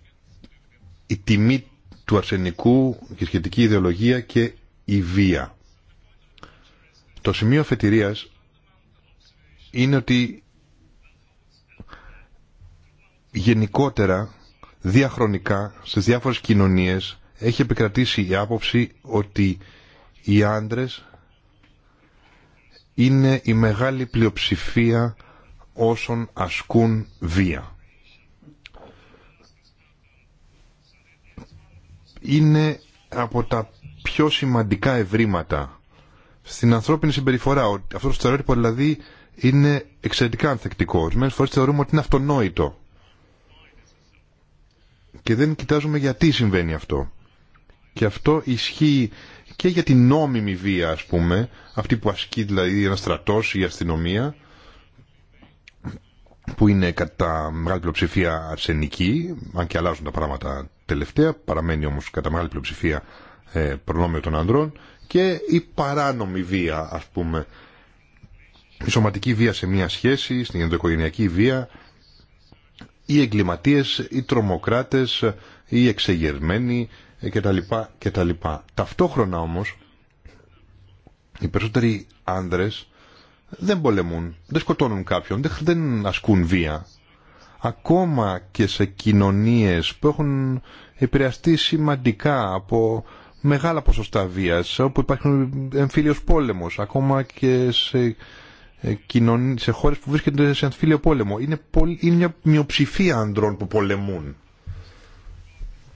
S3: τιμή του αρσενικού, και σχετική ιδεολογία και η βία. Το σημείο αφετηρίας είναι ότι γενικότερα διαχρονικά στις διάφορες κοινωνίες έχει επικρατήσει η άποψη ότι οι άντρες είναι η μεγάλη πλειοψηφία όσων ασκούν βία. Είναι από τα πιο σημαντικά ευρήματα στην ανθρώπινη συμπεριφορά. Αυτό το στερεότυπο δηλαδή είναι εξαιρετικά ανθεκτικό. Ορισμένε φορές θεωρούμε ότι είναι αυτονόητο. Και δεν κοιτάζουμε γιατί συμβαίνει αυτό. Και αυτό ισχύει και για την νόμιμη βία, ας πούμε, αυτή που ασκεί δηλαδή ένα στρατός ή η αστυνομία, που είναι κατά μεγάλη πλειοψηφία αρσενική, αν και αλλάζουν τα πράγματα τελευταία, παραμένει όμως κατά μεγάλη πλειοψηφία ε, προνόμιο των ανδρών, και η παράνομη βία, ας πούμε, η σωματική βία σε μια σχέση, στην ενδοοικογενειακή βία, οι εγκληματίες, οι τρομοκράτες, οι εξεγερμένοι, ε, τα λοιπά. Ταυτόχρονα όμως οι περισσότεροι άνδρες δεν πολεμούν, δεν σκοτώνουν κάποιον, δεν ασκούν βία. Ακόμα και σε κοινωνίες που έχουν επηρεαστεί σημαντικά από μεγάλα ποσοστά βίας, όπου υπάρχουν εμφύλιος πόλεμος, ακόμα και σε, ε, σε χώρες που βρίσκονται σε εμφύλιο πόλεμο. Είναι, είναι μια μειοψηφία ανδρών που πολεμούν.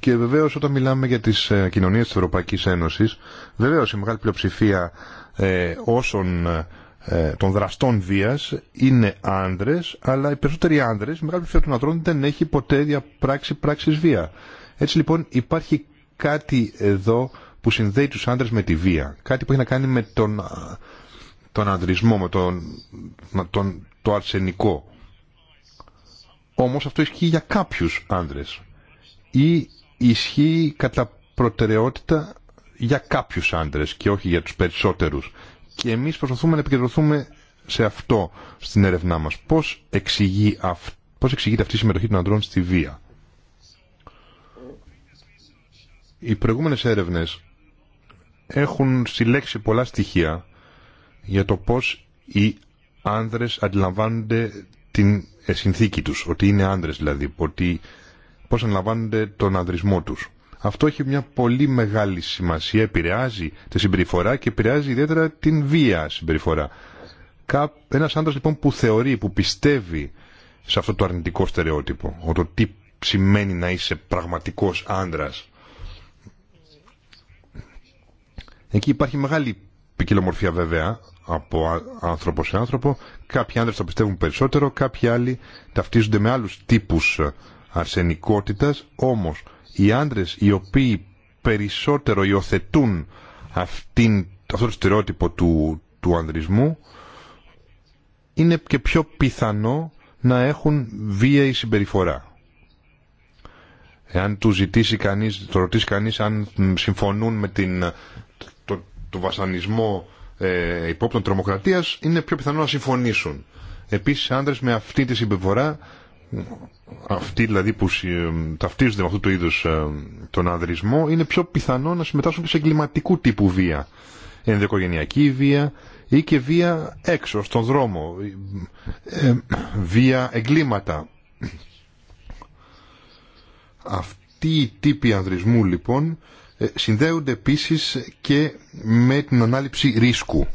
S3: Και βεβαίω όταν μιλάμε για τις ε, κοινωνίε της Ευρωπαϊκής Ένωσης, Βεβαίω η μεγάλη πλειοψηφία ε, όσων ε, των δραστών βίας είναι άντρε, αλλά οι περισσότεροι άντρε η μεγάλη πλειοψηφία των ανδρών δεν έχει ποτέ διαπράξει πράξεις βία. Έτσι λοιπόν υπάρχει κάτι εδώ που συνδέει τους άντρες με τη βία. Κάτι που έχει να κάνει με τον, τον ανδρισμό, με τον, τον, το αρσενικό. Όμως αυτό ισχύει για κάποιους άνδρες ή ισχύει κατά προτεραιότητα για κάποιους άντρες και όχι για τους περισσότερους. Και εμείς προσπαθούμε να επικεντρωθούμε σε αυτό στην έρευνά μας. Πώς, εξηγεί Πώς εξηγείται αυτή η συμμετοχή των ανδρών στη βία. Οι προηγούμενες έρευνες έχουν συλλέξει πολλά στοιχεία για το πώς οι άνδρες αντιλαμβάνονται την ε, συνθήκη τους, ότι είναι άνδρες δηλαδή, ότι πώς αναλαμβάνονται τον ανδρισμό τους. Αυτό έχει μια πολύ μεγάλη σημασία, επηρεάζει τη συμπεριφορά και επηρεάζει ιδιαίτερα την βία συμπεριφορά. Ένας άντρας λοιπόν που θεωρεί, που πιστεύει σε αυτό το αρνητικό στερεότυπο, ότι τι σημαίνει να είσαι πραγματικός άντρας. Εκεί υπάρχει μεγάλη ποικιλομορφία βέβαια από άνθρωπο σε άνθρωπο. Κάποιοι άντρες το πιστεύουν περισσότερο, κάποιοι άλλοι ταυτίζονται με άλλους τύπους ε, αρσενικότητας, όμως οι άντρες οι οποίοι περισσότερο υιοθετούν αυτήν, αυτό το στερεότυπο του, του ανδρισμού είναι και πιο πιθανό να έχουν η συμπεριφορά. Εάν του ζητήσει κανείς, το ρωτήσει κανείς αν συμφωνούν με την, το, βασανισμό ε, υπόπτων τρομοκρατίας, είναι πιο πιθανό να συμφωνήσουν. Επίσης, άντρες με αυτή τη συμπεριφορά αυτοί δηλαδή που ταυτίζονται με αυτού του είδους τον ανδρισμό είναι πιο πιθανό να συμμετάσχουν και σε εγκληματικού τύπου βία ενδοικογενειακή βία ή και βία έξω στον δρόμο βία εγκλήματα αυτοί οι τύποι ανδρισμού λοιπόν ε, συνδέονται επίσης και με την ανάληψη ρίσκου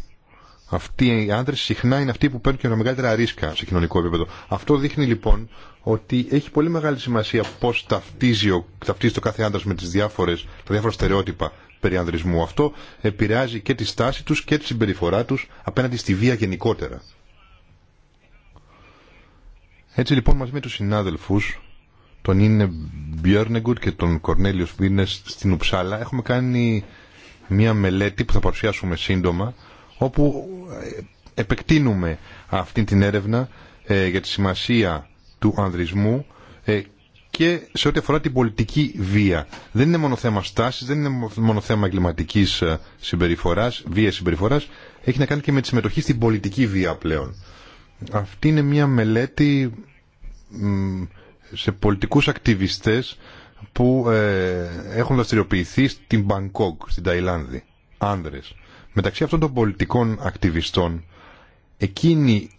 S3: αυτοί οι άντρε συχνά είναι αυτοί που παίρνουν και τα μεγαλύτερα ρίσκα σε κοινωνικό επίπεδο. Αυτό δείχνει λοιπόν ότι έχει πολύ μεγάλη σημασία πώ ταυτίζει, ταυτίζει το κάθε άντρα με τις διάφορες, τα διάφορα στερεότυπα περί ανδρισμού. Αυτό επηρεάζει και τη στάση του και τη συμπεριφορά του απέναντι στη βία γενικότερα. Έτσι λοιπόν μαζί με του συνάδελφου, τον Είναι Μπιόρνεγκουρ και τον Κορνέλιο βίνε στην Ουψάλα, έχουμε κάνει μία μελέτη που θα παρουσιάσουμε σύντομα όπου ε, επεκτείνουμε αυτή την έρευνα ε, για τη σημασία του ανδρισμού ε, και σε ό,τι αφορά την πολιτική βία. Δεν είναι μόνο θέμα στάσης, δεν είναι μόνο θέμα εγκληματικής συμπεριφοράς, βίας συμπεριφοράς, έχει να κάνει και με τη συμμετοχή στην πολιτική βία πλέον. Αυτή είναι μια μελέτη σε πολιτικούς ακτιβιστές που έχουν δραστηριοποιηθεί στην Πανκόκ, στην Ταϊλάνδη, άνδρες μεταξύ αυτών των πολιτικών ακτιβιστών εκείνοι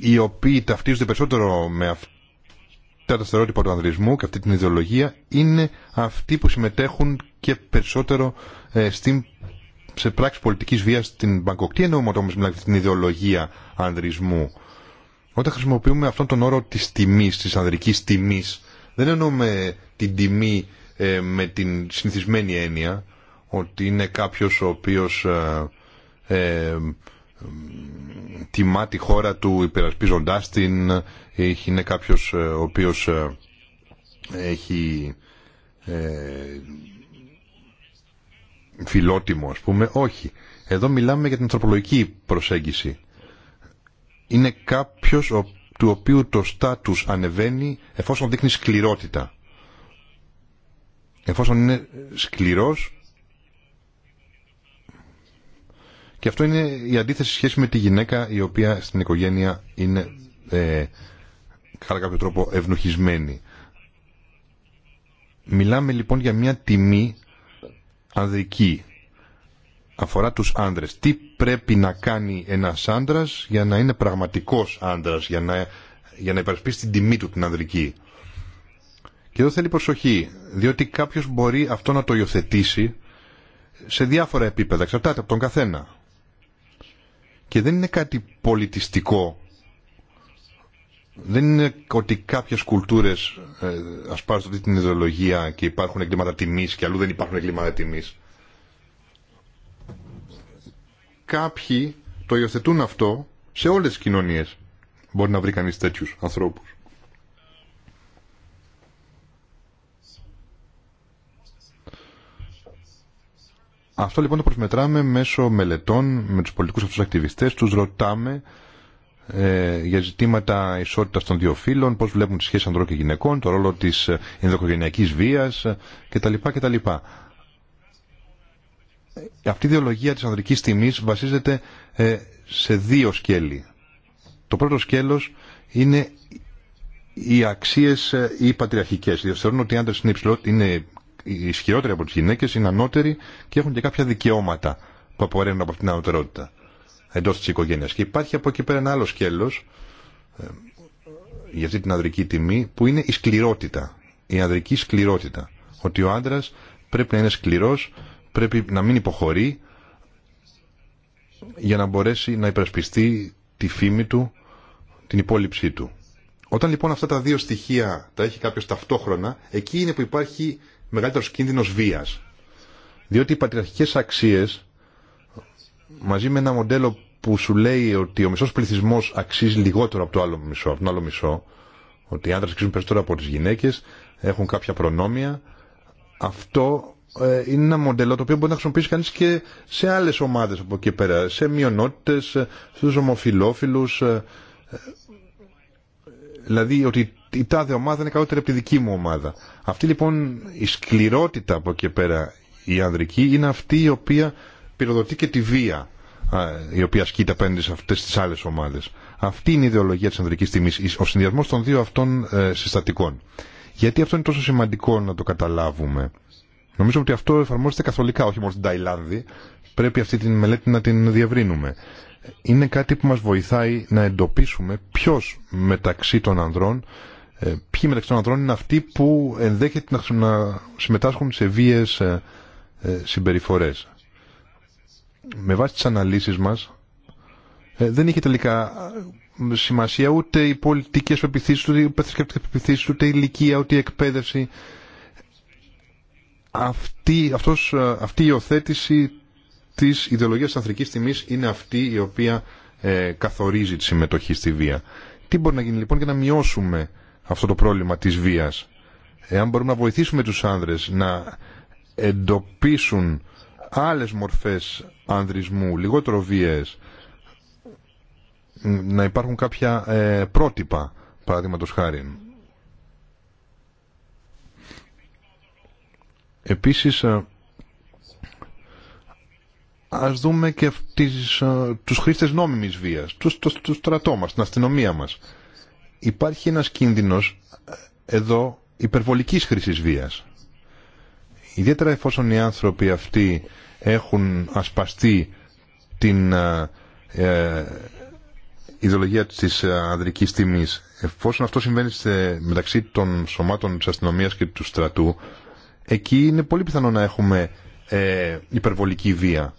S3: οι οποίοι ταυτίζονται περισσότερο με αυτά τα στερεότυπα του ανδρισμού και αυτή την ιδεολογία είναι αυτοί που συμμετέχουν και περισσότερο ε, στην, σε πράξη πολιτικής βίας στην Μπαγκοκ. Τι εννοούμε όταν μιλάμε την ιδεολογία ανδρισμού. Όταν χρησιμοποιούμε αυτόν τον όρο της τιμής, της ανδρικής τιμής, δεν εννοούμε την τιμή ε, με την συνηθισμένη έννοια, ότι είναι κάποιος ο οποίος ε, ε, τιμά τη χώρα του υπερασπίζοντάς την είναι κάποιος ε, ο οποίος ε, έχει ε, φιλότιμο ας πούμε όχι, εδώ μιλάμε για την ανθρωπολογική προσέγγιση είναι κάποιος ο, του οποίου το στάτους ανεβαίνει εφόσον δείχνει σκληρότητα εφόσον είναι σκληρός Και αυτό είναι η αντίθεση σχέση με τη γυναίκα η οποία στην οικογένεια είναι ε, κατά κάποιο τρόπο ευνοχισμένη. Μιλάμε λοιπόν για μια τιμή ανδρική. Αφορά τους άνδρες. Τι πρέπει να κάνει ένας άνδρας για να είναι πραγματικός άνδρας, για να, για να υπερασπίσει την τιμή του την ανδρική. Και εδώ θέλει προσοχή, διότι κάποιος μπορεί αυτό να το υιοθετήσει σε διάφορα επίπεδα, εξαρτάται από τον καθένα και δεν είναι κάτι πολιτιστικό. Δεν είναι ότι κάποιες κουλτούρες ε, αυτή την ιδεολογία και υπάρχουν εγκλήματα τιμής και αλλού δεν υπάρχουν εγκλήματα τιμής. Κάποιοι το υιοθετούν αυτό σε όλες τις κοινωνίες. Μπορεί να βρει κανείς τέτοιους ανθρώπους. Αυτό λοιπόν το προσμετράμε μέσω μελετών με τους πολιτικούς αυτούς ακτιβιστές, τους ρωτάμε ε, για ζητήματα ισότητας των δύο φύλων, πώς βλέπουν τις σχέσεις ανδρών και γυναικών, το ρόλο της ε, ενδοκογενειακής βίας ε, κτλ. κτλ. Ε, αυτή η ιδεολογία της ανδρικής τιμής βασίζεται σε δύο σκέλη. Το πρώτο σκέλος είναι οι αξίες ή πατριαρχικές. ότι οι άντρες είναι, υψηλό, είναι οι ισχυρότεροι από τι γυναίκε είναι ανώτεροι και έχουν και κάποια δικαιώματα που απορρέουν από αυτήν την ανωτερότητα εντό τη οικογένεια. Και υπάρχει από εκεί πέρα ένα άλλο σκέλο ε, για αυτή την ανδρική τιμή που είναι η σκληρότητα. Η ανδρική σκληρότητα. Ότι ο άντρα πρέπει να είναι σκληρό, πρέπει να μην υποχωρεί για να μπορέσει να υπερασπιστεί τη φήμη του, την υπόλοιψή του. Όταν λοιπόν αυτά τα δύο στοιχεία τα έχει κάποιο ταυτόχρονα, εκεί είναι που υπάρχει μεγαλύτερος κίνδυνος βίας. Διότι οι πατριαρχικές αξίες μαζί με ένα μοντέλο που σου λέει ότι ο μισός πληθυσμός αξίζει λιγότερο από το άλλο μισό, από τον άλλο μισό, ότι οι άντρες αξίζουν περισσότερο από τις γυναίκες, έχουν κάποια προνόμια, αυτό ε, είναι ένα μοντέλο το οποίο μπορεί να χρησιμοποιήσει κανείς και σε άλλες ομάδες από εκεί πέρα, σε μειονότητες, ε, στους ομοφιλόφιλους, ε, δηλαδή ότι η τάδε ομάδα είναι καλύτερη από τη δική μου ομάδα. Αυτή λοιπόν η σκληρότητα από εκεί πέρα η ανδρική είναι αυτή η οποία πυροδοτεί και τη βία η οποία ασκείται απέναντι σε αυτές τις άλλες ομάδες. Αυτή είναι η ιδεολογία της ανδρικής τιμής, ο συνδυασμός των δύο αυτών ε, συστατικών. Γιατί αυτό είναι τόσο σημαντικό να το καταλάβουμε. Νομίζω ότι αυτό εφαρμόζεται καθολικά, όχι μόνο στην Ταϊλάνδη. Πρέπει αυτή τη μελέτη να την διευρύνουμε είναι κάτι που μας βοηθάει να εντοπίσουμε ποιος μεταξύ των ανδρών ε, ποιοι μεταξύ των ανδρών είναι αυτοί που ενδέχεται να συμμετάσχουν σε βίες ε, ε, συμπεριφορές. Με βάση τις αναλύσεις μας δεν είχε τελικά σημασία ούτε οι πολιτικές πεπιθήσεις ούτε οι ούτε η ηλικία, ούτε η εκπαίδευση. Αυτή, αυτός, αυτή η υιοθέτηση Τη ιδεολογία τη ανθρική τιμή είναι αυτή η οποία ε, καθορίζει τη συμμετοχή στη βία. Τι μπορεί να γίνει λοιπόν για να μειώσουμε αυτό το πρόβλημα της βίας. Εάν μπορούμε να βοηθήσουμε τους άνδρες να εντοπίσουν άλλες μορφές ανδρισμού, λιγότερο βίες, να υπάρχουν κάποια ε, πρότυπα, παραδείγματος χάρη. Επίσης, ε, ας δούμε και τις, ε, τους χρήστες νόμιμης βίας, τους, στρατό μας, την αστυνομία μας. Υπάρχει ένας κίνδυνος ε, εδώ υπερβολικής χρήσης βίας. Ιδιαίτερα εφόσον οι άνθρωποι αυτοί έχουν ασπαστεί την ε, ε ιδεολογία της ανδρικής τιμής. Εφόσον αυτό συμβαίνει σε, μεταξύ των σωμάτων της αστυνομίας και του στρατού, εκεί είναι πολύ πιθανό να έχουμε υπερβολική βία.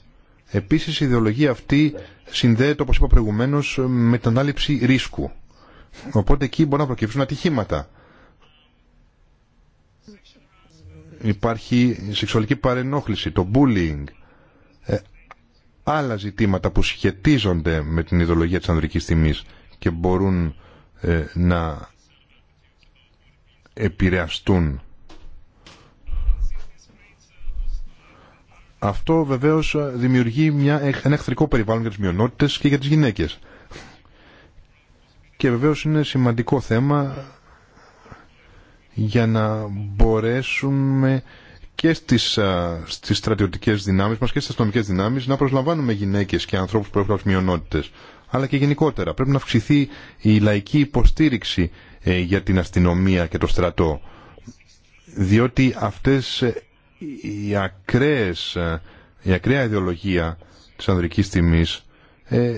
S3: Επίση, η ιδεολογία αυτή συνδέεται όπως είπα προηγουμένω με την ανάληψη ρίσκου. Οπότε εκεί μπορεί να προκύψουν ατυχήματα. Υπάρχει σεξουαλική παρενόχληση, το bullying, ε, άλλα ζητήματα που σχετίζονται με την ιδεολογία της ανδρικής τιμής και μπορούν ε, να επηρεαστούν Αυτό βεβαίω δημιουργεί μια, ένα εχθρικό περιβάλλον για τις μειονότητες και για τις γυναίκες. Και βεβαίω είναι σημαντικό θέμα για να μπορέσουμε και στις, στις στρατιωτικές δυνάμεις μας και στις αστυνομικές δυνάμεις να προσλαμβάνουμε γυναίκες και ανθρώπους που έχουν Αλλά και γενικότερα πρέπει να αυξηθεί η λαϊκή υποστήριξη ε, για την αστυνομία και το στρατό διότι αυτές ε, οι ακραίες, ε, η ακραία ιδεολογία της ανδρικής τιμής ε,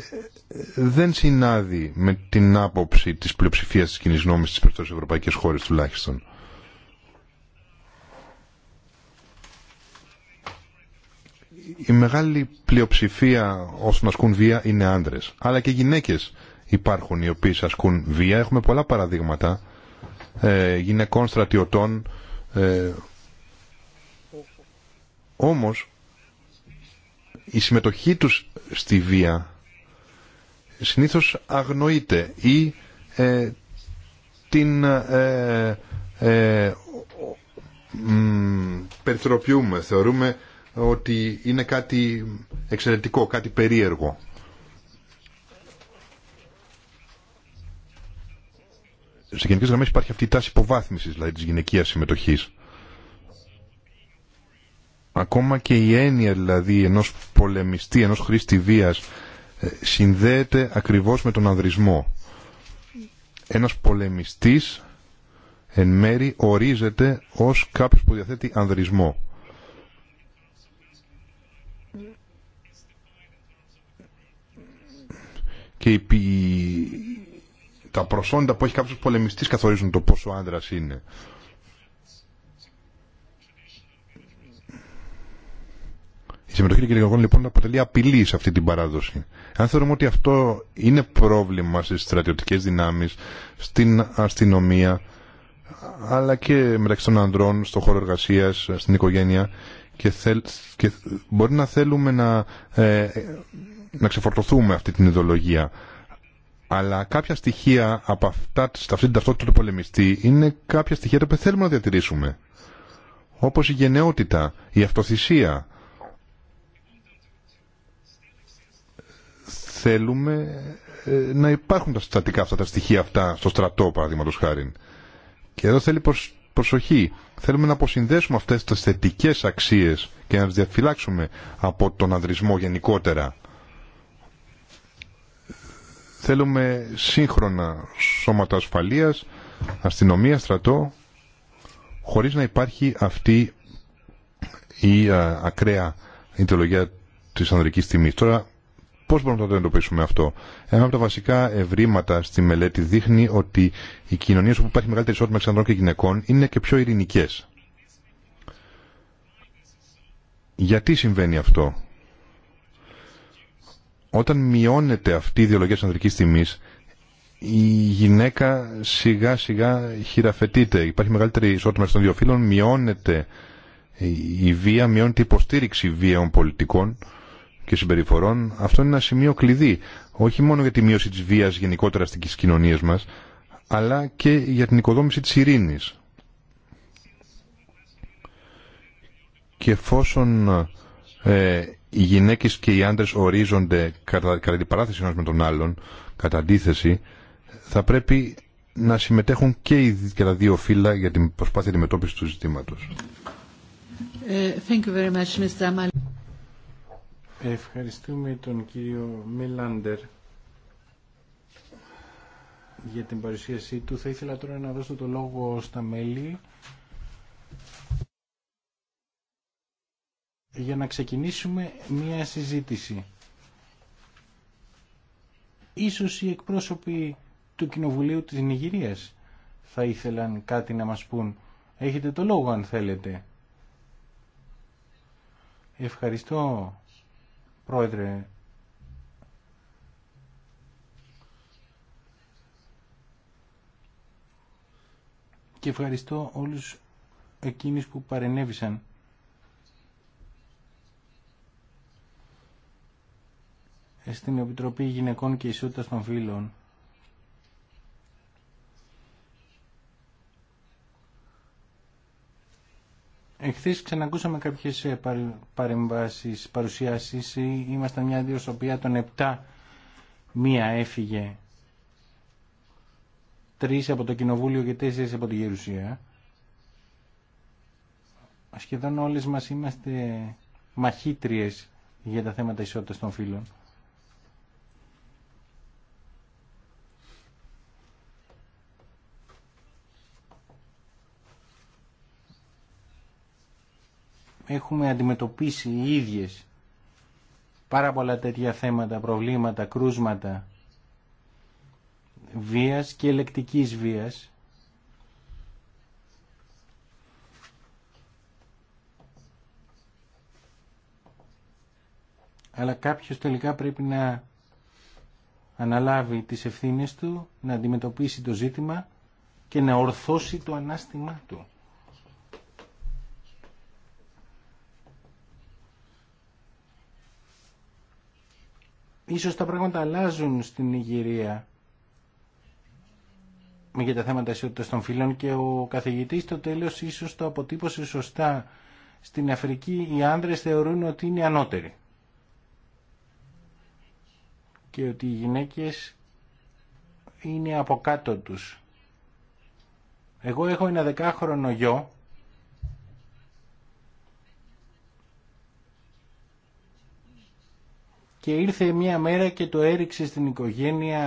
S3: δεν συνάδει με την άποψη της πλειοψηφίας της κοινής νόμης στις περισσότερες ευρωπαϊκές χώρες τουλάχιστον. Η μεγάλη πλειοψηφία όσων ασκούν βία είναι άντρες. Αλλά και γυναίκες υπάρχουν οι οποίες ασκούν βία. Έχουμε πολλά παραδείγματα ε, γυναικών στρατιωτών ε, όμως, η συμμετοχή τους στη βία συνήθως αγνοείται ή ε, την ε, ε, περιθωριοποιούμε, θεωρούμε ότι είναι κάτι εξαιρετικό, κάτι περίεργο. Σε γενικές γραμμές υπάρχει αυτή η τάση υποβάθμισης, δηλαδή της γυναικείας συμμετοχής. Ακόμα και η έννοια δηλαδή ενός πολεμιστή, ενός χρήστη βίας ε, συνδέεται ακριβώς με τον ανδρισμό. Ένας πολεμιστής εν μέρη ορίζεται ως κάποιος που διαθέτει ανδρισμό. Και τα προσόντα που έχει κάποιος πολεμιστής καθορίζουν το πόσο άντρας είναι. συμμετοχή των κυριαρχών λοιπόν αποτελεί απειλή σε αυτή την παράδοση. Αν θεωρούμε ότι αυτό είναι πρόβλημα στι στρατιωτικέ δυνάμει, στην αστυνομία, αλλά και μεταξύ των ανδρών, στον χώρο εργασία, στην οικογένεια και, θέλ, και μπορεί να θέλουμε να, ε, να ξεφορτωθούμε αυτή την ιδεολογία. Αλλά κάποια στοιχεία από αυτά, αυτή την ταυτότητα του πολεμιστή είναι κάποια στοιχεία τα οποία θέλουμε να διατηρήσουμε. Όπω η γενναιότητα, η αυτοθυσία, θέλουμε ε, να υπάρχουν τα συστατικά αυτά, τα στοιχεία αυτά στο στρατό παραδείγματο χάρη. Και εδώ θέλει προσοχή. Θέλουμε να αποσυνδέσουμε αυτές τις θετικέ αξίες και να τι διαφυλάξουμε από τον ανδρισμό γενικότερα. Θέλουμε σύγχρονα σώματα ασφαλείας, αστυνομία, στρατό, χωρίς να υπάρχει αυτή η α, ακραία ιδεολογία της ανδρικής τιμής. Τώρα Πώς μπορούμε να το εντοπίσουμε αυτό. Ένα από τα βασικά ευρήματα στη μελέτη δείχνει ότι οι κοινωνίε όπου υπάρχει μεγαλύτερη ισότητα μεταξύ ανδρών και γυναικών είναι και πιο ειρηνικέ. Γιατί συμβαίνει αυτό. Όταν μειώνεται αυτή η ιδεολογία της ανδρικής τιμής, η γυναίκα σιγά σιγά χειραφετείται. Υπάρχει μεγαλύτερη ισότητα μεταξύ των δύο φύλων, μειώνεται η βία, μειώνεται η υποστήριξη βίαιων πολιτικών και συμπεριφορών, αυτό είναι ένα σημείο κλειδί, όχι μόνο για τη μείωση της βίας γενικότερα στις κοινωνίες μας, αλλά και για την οικοδόμηση της ειρήνης. Και εφόσον ε, οι γυναίκες και οι άντρες ορίζονται κατά, την παράθεση ένας με τον άλλον, κατά αντίθεση, θα πρέπει να συμμετέχουν και οι και τα δύο φύλλα για την προσπάθεια αντιμετώπιση του ζητήματος.
S2: Ε,
S1: Ευχαριστούμε τον κύριο Μιλάντερ για την παρουσίασή του. Θα ήθελα τώρα να δώσω το λόγο στα μέλη για να ξεκινήσουμε μία συζήτηση. Ίσως οι εκπρόσωποι του Κοινοβουλίου της Νιγηρίας θα ήθελαν κάτι να μας πούν. Έχετε το λόγο αν θέλετε. Ευχαριστώ Πρόεδρε, και ευχαριστώ όλους εκείνους που παρενέβησαν. στην Επιτροπή Γυναικών και Ισότητας των Φίλων. Εχθές ξανακούσαμε κάποιες ε, παρεμβάσεις, παρουσιάσεις. Ε, ήμασταν μια δύο, οποία των 7 μία έφυγε. Τρεις από το Κοινοβούλιο και τέσσερις από τη Γερουσία. Σχεδόν όλες μας είμαστε μαχήτριες για τα θέματα ισότητας των φύλων. έχουμε αντιμετωπίσει οι ίδιες πάρα πολλά τέτοια θέματα, προβλήματα, κρούσματα βίας και ελεκτικής βίας αλλά κάποιος τελικά πρέπει να αναλάβει τις ευθύνες του, να αντιμετωπίσει το ζήτημα και να ορθώσει το ανάστημά του. Ίσως τα πράγματα αλλάζουν στην Ιγυρία για τα θέματα ισότητας των φύλων και ο καθηγητής στο τέλος ίσως το αποτύπωσε σωστά. Στην Αφρική οι άνδρες θεωρούν ότι είναι ανώτεροι και ότι οι γυναίκες είναι από κάτω τους. Εγώ έχω ένα δεκάχρονο γιο και ήρθε μια μέρα και το έριξε στην οικογένεια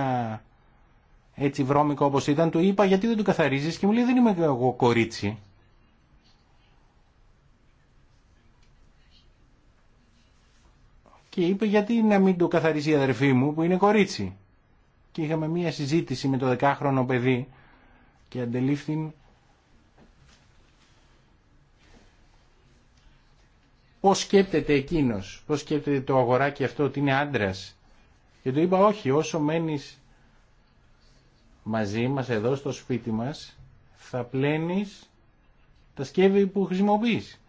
S1: έτσι βρώμικο όπως ήταν, του είπα γιατί δεν το καθαρίζεις και μου λέει δεν είμαι εγώ κορίτσι. Και είπε γιατί να μην το καθαρίζει η αδερφή μου που είναι κορίτσι. Και είχαμε μία συζήτηση με το δεκάχρονο παιδί και αντελήφθη πώς σκέπτεται εκείνος, πώς σκέπτεται το αγοράκι αυτό ότι είναι άντρας. Και του είπα όχι, όσο μένεις μαζί μας εδώ στο σπίτι μας, θα πλένεις τα σκεύη που χρησιμοποιείς.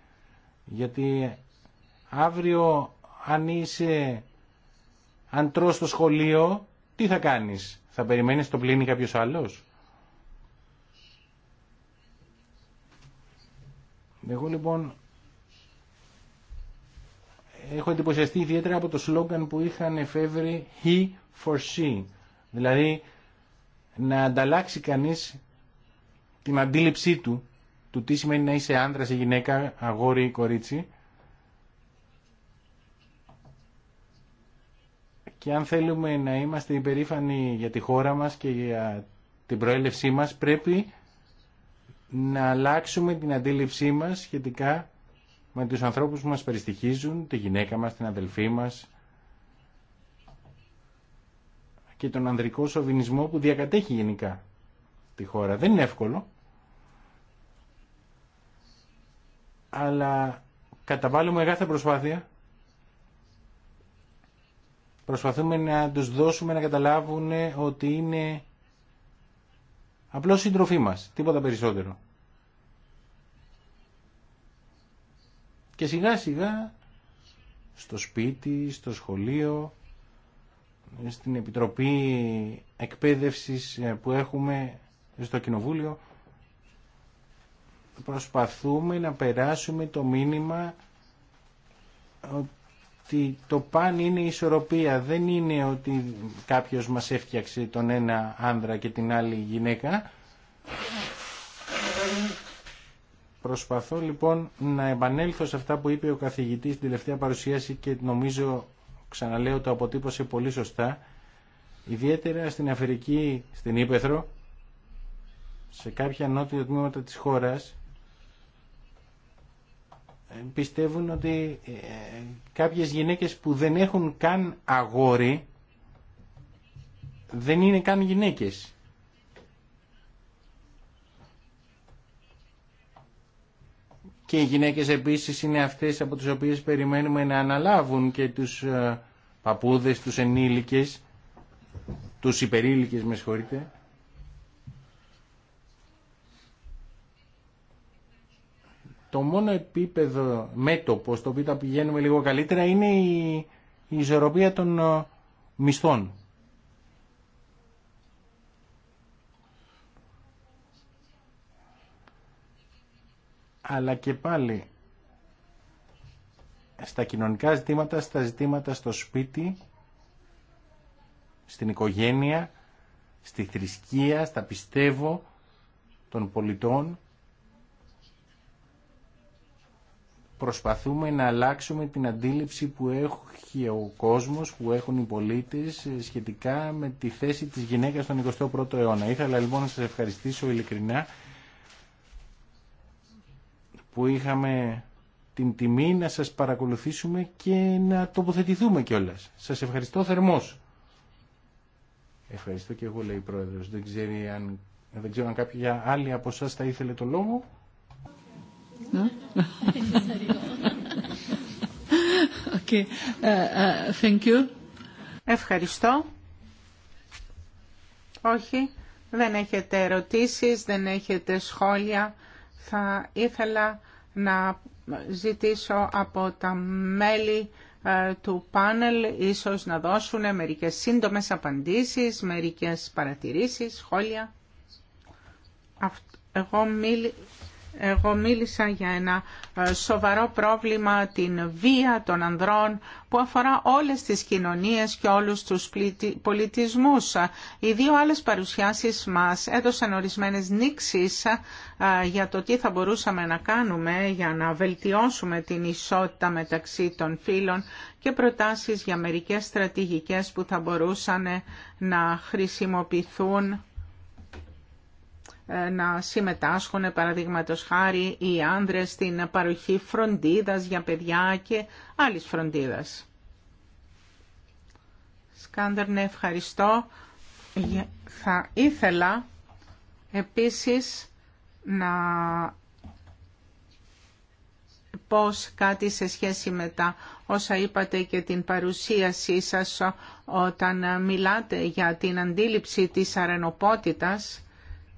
S1: Γιατί αύριο αν είσαι, αν στο σχολείο, τι θα κάνεις, θα περιμένεις το πλύνει κάποιος άλλος. Εγώ λοιπόν έχω εντυπωσιαστεί ιδιαίτερα από το σλόγγαν που είχαν εφεύρει «He for she». Δηλαδή, να ανταλλάξει κανείς την αντίληψή του, του τι σημαίνει να είσαι άντρας ή γυναίκα, αγόρι ή κορίτσι, και αν θέλουμε να είμαστε υπερήφανοι για τη χώρα μας και για την προέλευσή μας, πρέπει να αλλάξουμε την αντίληψή μας σχετικά με τους ανθρώπους που μας περιστοιχίζουν, τη γυναίκα μας, την αδελφή μας και τον ανδρικό σοβινισμό που διακατέχει γενικά τη χώρα. Δεν είναι εύκολο, αλλά καταβάλουμε κάθε προσπάθεια. Προσπαθούμε να τους δώσουμε να καταλάβουν ότι είναι απλώς συντροφή μας, τίποτα περισσότερο. Και σιγά σιγά στο σπίτι, στο σχολείο, στην Επιτροπή Εκπαίδευσης ε, που έχουμε στο Κοινοβούλιο προσπαθούμε να περάσουμε το μήνυμα ότι το παν είναι η ισορροπία δεν είναι ότι κάποιος μας έφτιαξε τον ένα άνδρα και την άλλη γυναίκα Προσπαθώ λοιπόν να επανέλθω σε αυτά που είπε ο καθηγητής στην τελευταία παρουσίαση και νομίζω, ξαναλέω, το αποτύπωσε πολύ σωστά. Ιδιαίτερα στην Αφρική, στην Ήπεθρο, σε κάποια νότια τμήματα της χώρας, ε, πιστεύουν ότι ε, κάποιες γυναίκες που δεν έχουν καν αγόρι, δεν είναι καν γυναίκες. και οι γυναίκες επίσης είναι αυτές από τις οποίες περιμένουμε να αναλάβουν και τους ε, παπούδες τους ενήλικες, τους υπερήλικες με συγχωρείτε. Το μόνο επίπεδο μέτωπο στο οποίο τα πηγαίνουμε λίγο καλύτερα είναι η, η ισορροπία των ε, μισθών. αλλά και πάλι στα κοινωνικά ζητήματα, στα ζητήματα στο σπίτι, στην οικογένεια, στη θρησκεία, στα πιστεύω των πολιτών. Προσπαθούμε να αλλάξουμε την αντίληψη που έχει ο κόσμος, που έχουν οι πολίτες ε, σχετικά με τη θέση της γυναίκας στον 21ο αιώνα. Ήθελα λοιπόν να σας ευχαριστήσω ειλικρινά που είχαμε την τιμή να σας παρακολουθήσουμε και να τοποθετηθούμε κιόλας. Σας ευχαριστώ θερμός. Ευχαριστώ και εγώ λέει η Πρόεδρος. Δεν, ξέρει αν, δεν ξέρω αν κάποια άλλη από εσά θα ήθελε το λόγο.
S2: Ναι. Ε, ε, ευχαριστώ. Όχι, δεν έχετε ερωτήσεις, δεν έχετε σχόλια. Θα ήθελα να ζητήσω από τα μέλη ε, του πάνελ ίσως να δώσουν μερικές σύντομες απαντήσεις, μερικές παρατηρήσεις, σχόλια. Εγώ μίλη, εγώ μίλησα για ένα ε, σοβαρό πρόβλημα, την βία των ανδρών που αφορά όλες τις κοινωνίες και όλους τους πολιτισμούς. Οι δύο άλλες παρουσιάσεις μας έδωσαν ορισμένες νήξεις ε, για το τι θα μπορούσαμε να κάνουμε για να βελτιώσουμε την ισότητα μεταξύ των φύλων και προτάσεις για μερικές στρατηγικές που θα μπορούσαν να χρησιμοποιηθούν ε, να συμμετάσχουν παραδείγματο χάρη οι άνδρες στην παροχή φροντίδας για παιδιά και άλλης φροντίδας. Σκάντερνε, ναι, ευχαριστώ. Ε, θα ήθελα επίσης να πω κάτι σε σχέση με τα όσα είπατε και την παρουσίασή σας όταν μιλάτε για την αντίληψη της αρενοπότητας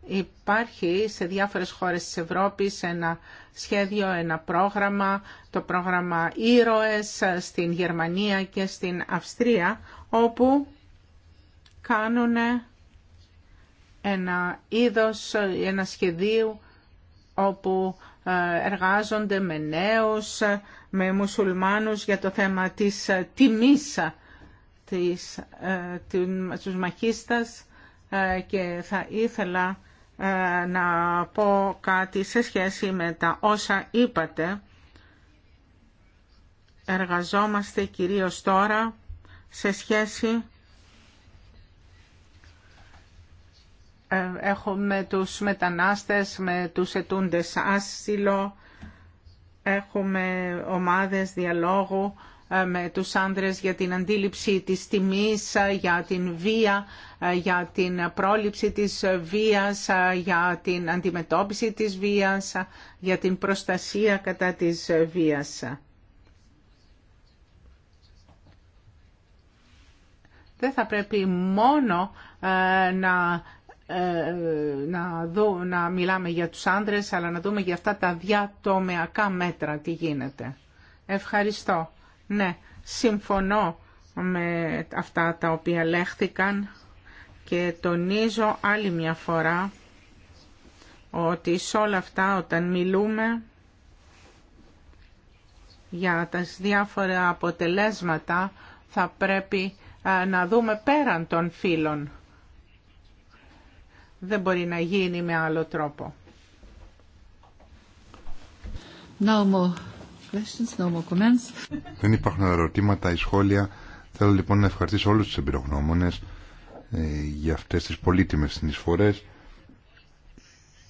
S2: Υπάρχει σε διάφορες χώρες της Ευρώπης ένα σχέδιο, ένα πρόγραμμα, το πρόγραμμα Ήρωες στην Γερμανία και στην Αυστρία, όπου κάνουν ένα είδος, ένα σχεδίο όπου ε, εργάζονται με νέους, με μουσουλμάνους για το θέμα της ε, τιμής της, ε, του μαχίστας και θα ήθελα ε, να πω κάτι σε σχέση με τα όσα είπατε. Εργαζόμαστε κυρίως τώρα σε σχέση ε, έχουμε τους μετανάστες, με τους ετούντες άσυλο, έχουμε ομάδες διαλόγου ε, με τους άνδρες για την αντίληψη της τιμής, ε, για την βία, ε, για την πρόληψη της βίας, για την αντιμετώπιση της βίας, για την προστασία κατά της βίας. Δεν θα πρέπει μόνο να να, δω, να μιλάμε για τους άντρες, αλλά να δούμε για αυτά τα διατομεακά μέτρα τι γίνεται. Ευχαριστώ. Ναι, συμφωνώ με αυτά τα οποία λέχθηκαν και τονίζω άλλη μια φορά ότι σε όλα αυτά όταν μιλούμε για τα διάφορα αποτελέσματα θα πρέπει να δούμε πέραν των φύλων. Δεν μπορεί να γίνει με άλλο τρόπο. Να
S3: δεν υπάρχουν ερωτήματα ή σχόλια. Θέλω λοιπόν να ευχαριστήσω όλους τους εμπειρογνώμονες ε, για αυτές τις πολύτιμες συνεισφορές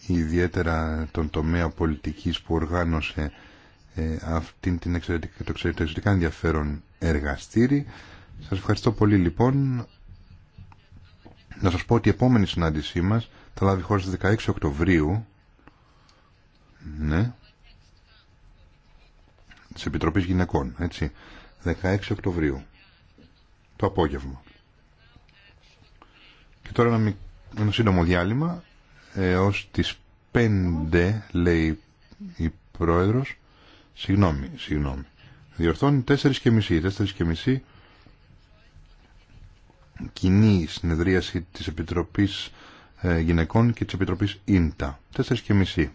S3: ιδιαίτερα τον τομέα πολιτικής που οργάνωσε ε, αυτήν την εξαιρετικά, το εξαιρετικά ενδιαφέρον εργαστήρι. Σας ευχαριστώ πολύ λοιπόν. Να σας πω ότι η επόμενη συνάντησή μας θα λάβει χώρα στις 16 Οκτωβρίου. Ναι. Τη Επιτροπή Γυναικών, έτσι, 16 Οκτωβρίου, το απόγευμα. Και τώρα ένα, ένα σύντομο διάλειμμα ε, έω τις 5, λέει η Πρόεδρος, συγγνώμη, συγγνώμη, διορθώνει 4 και μισή, 4 και μισή, κοινή συνεδρίαση της Επιτροπής ε, Γυναικών και της Επιτροπής Ίντα. Τέσσερις και μισή.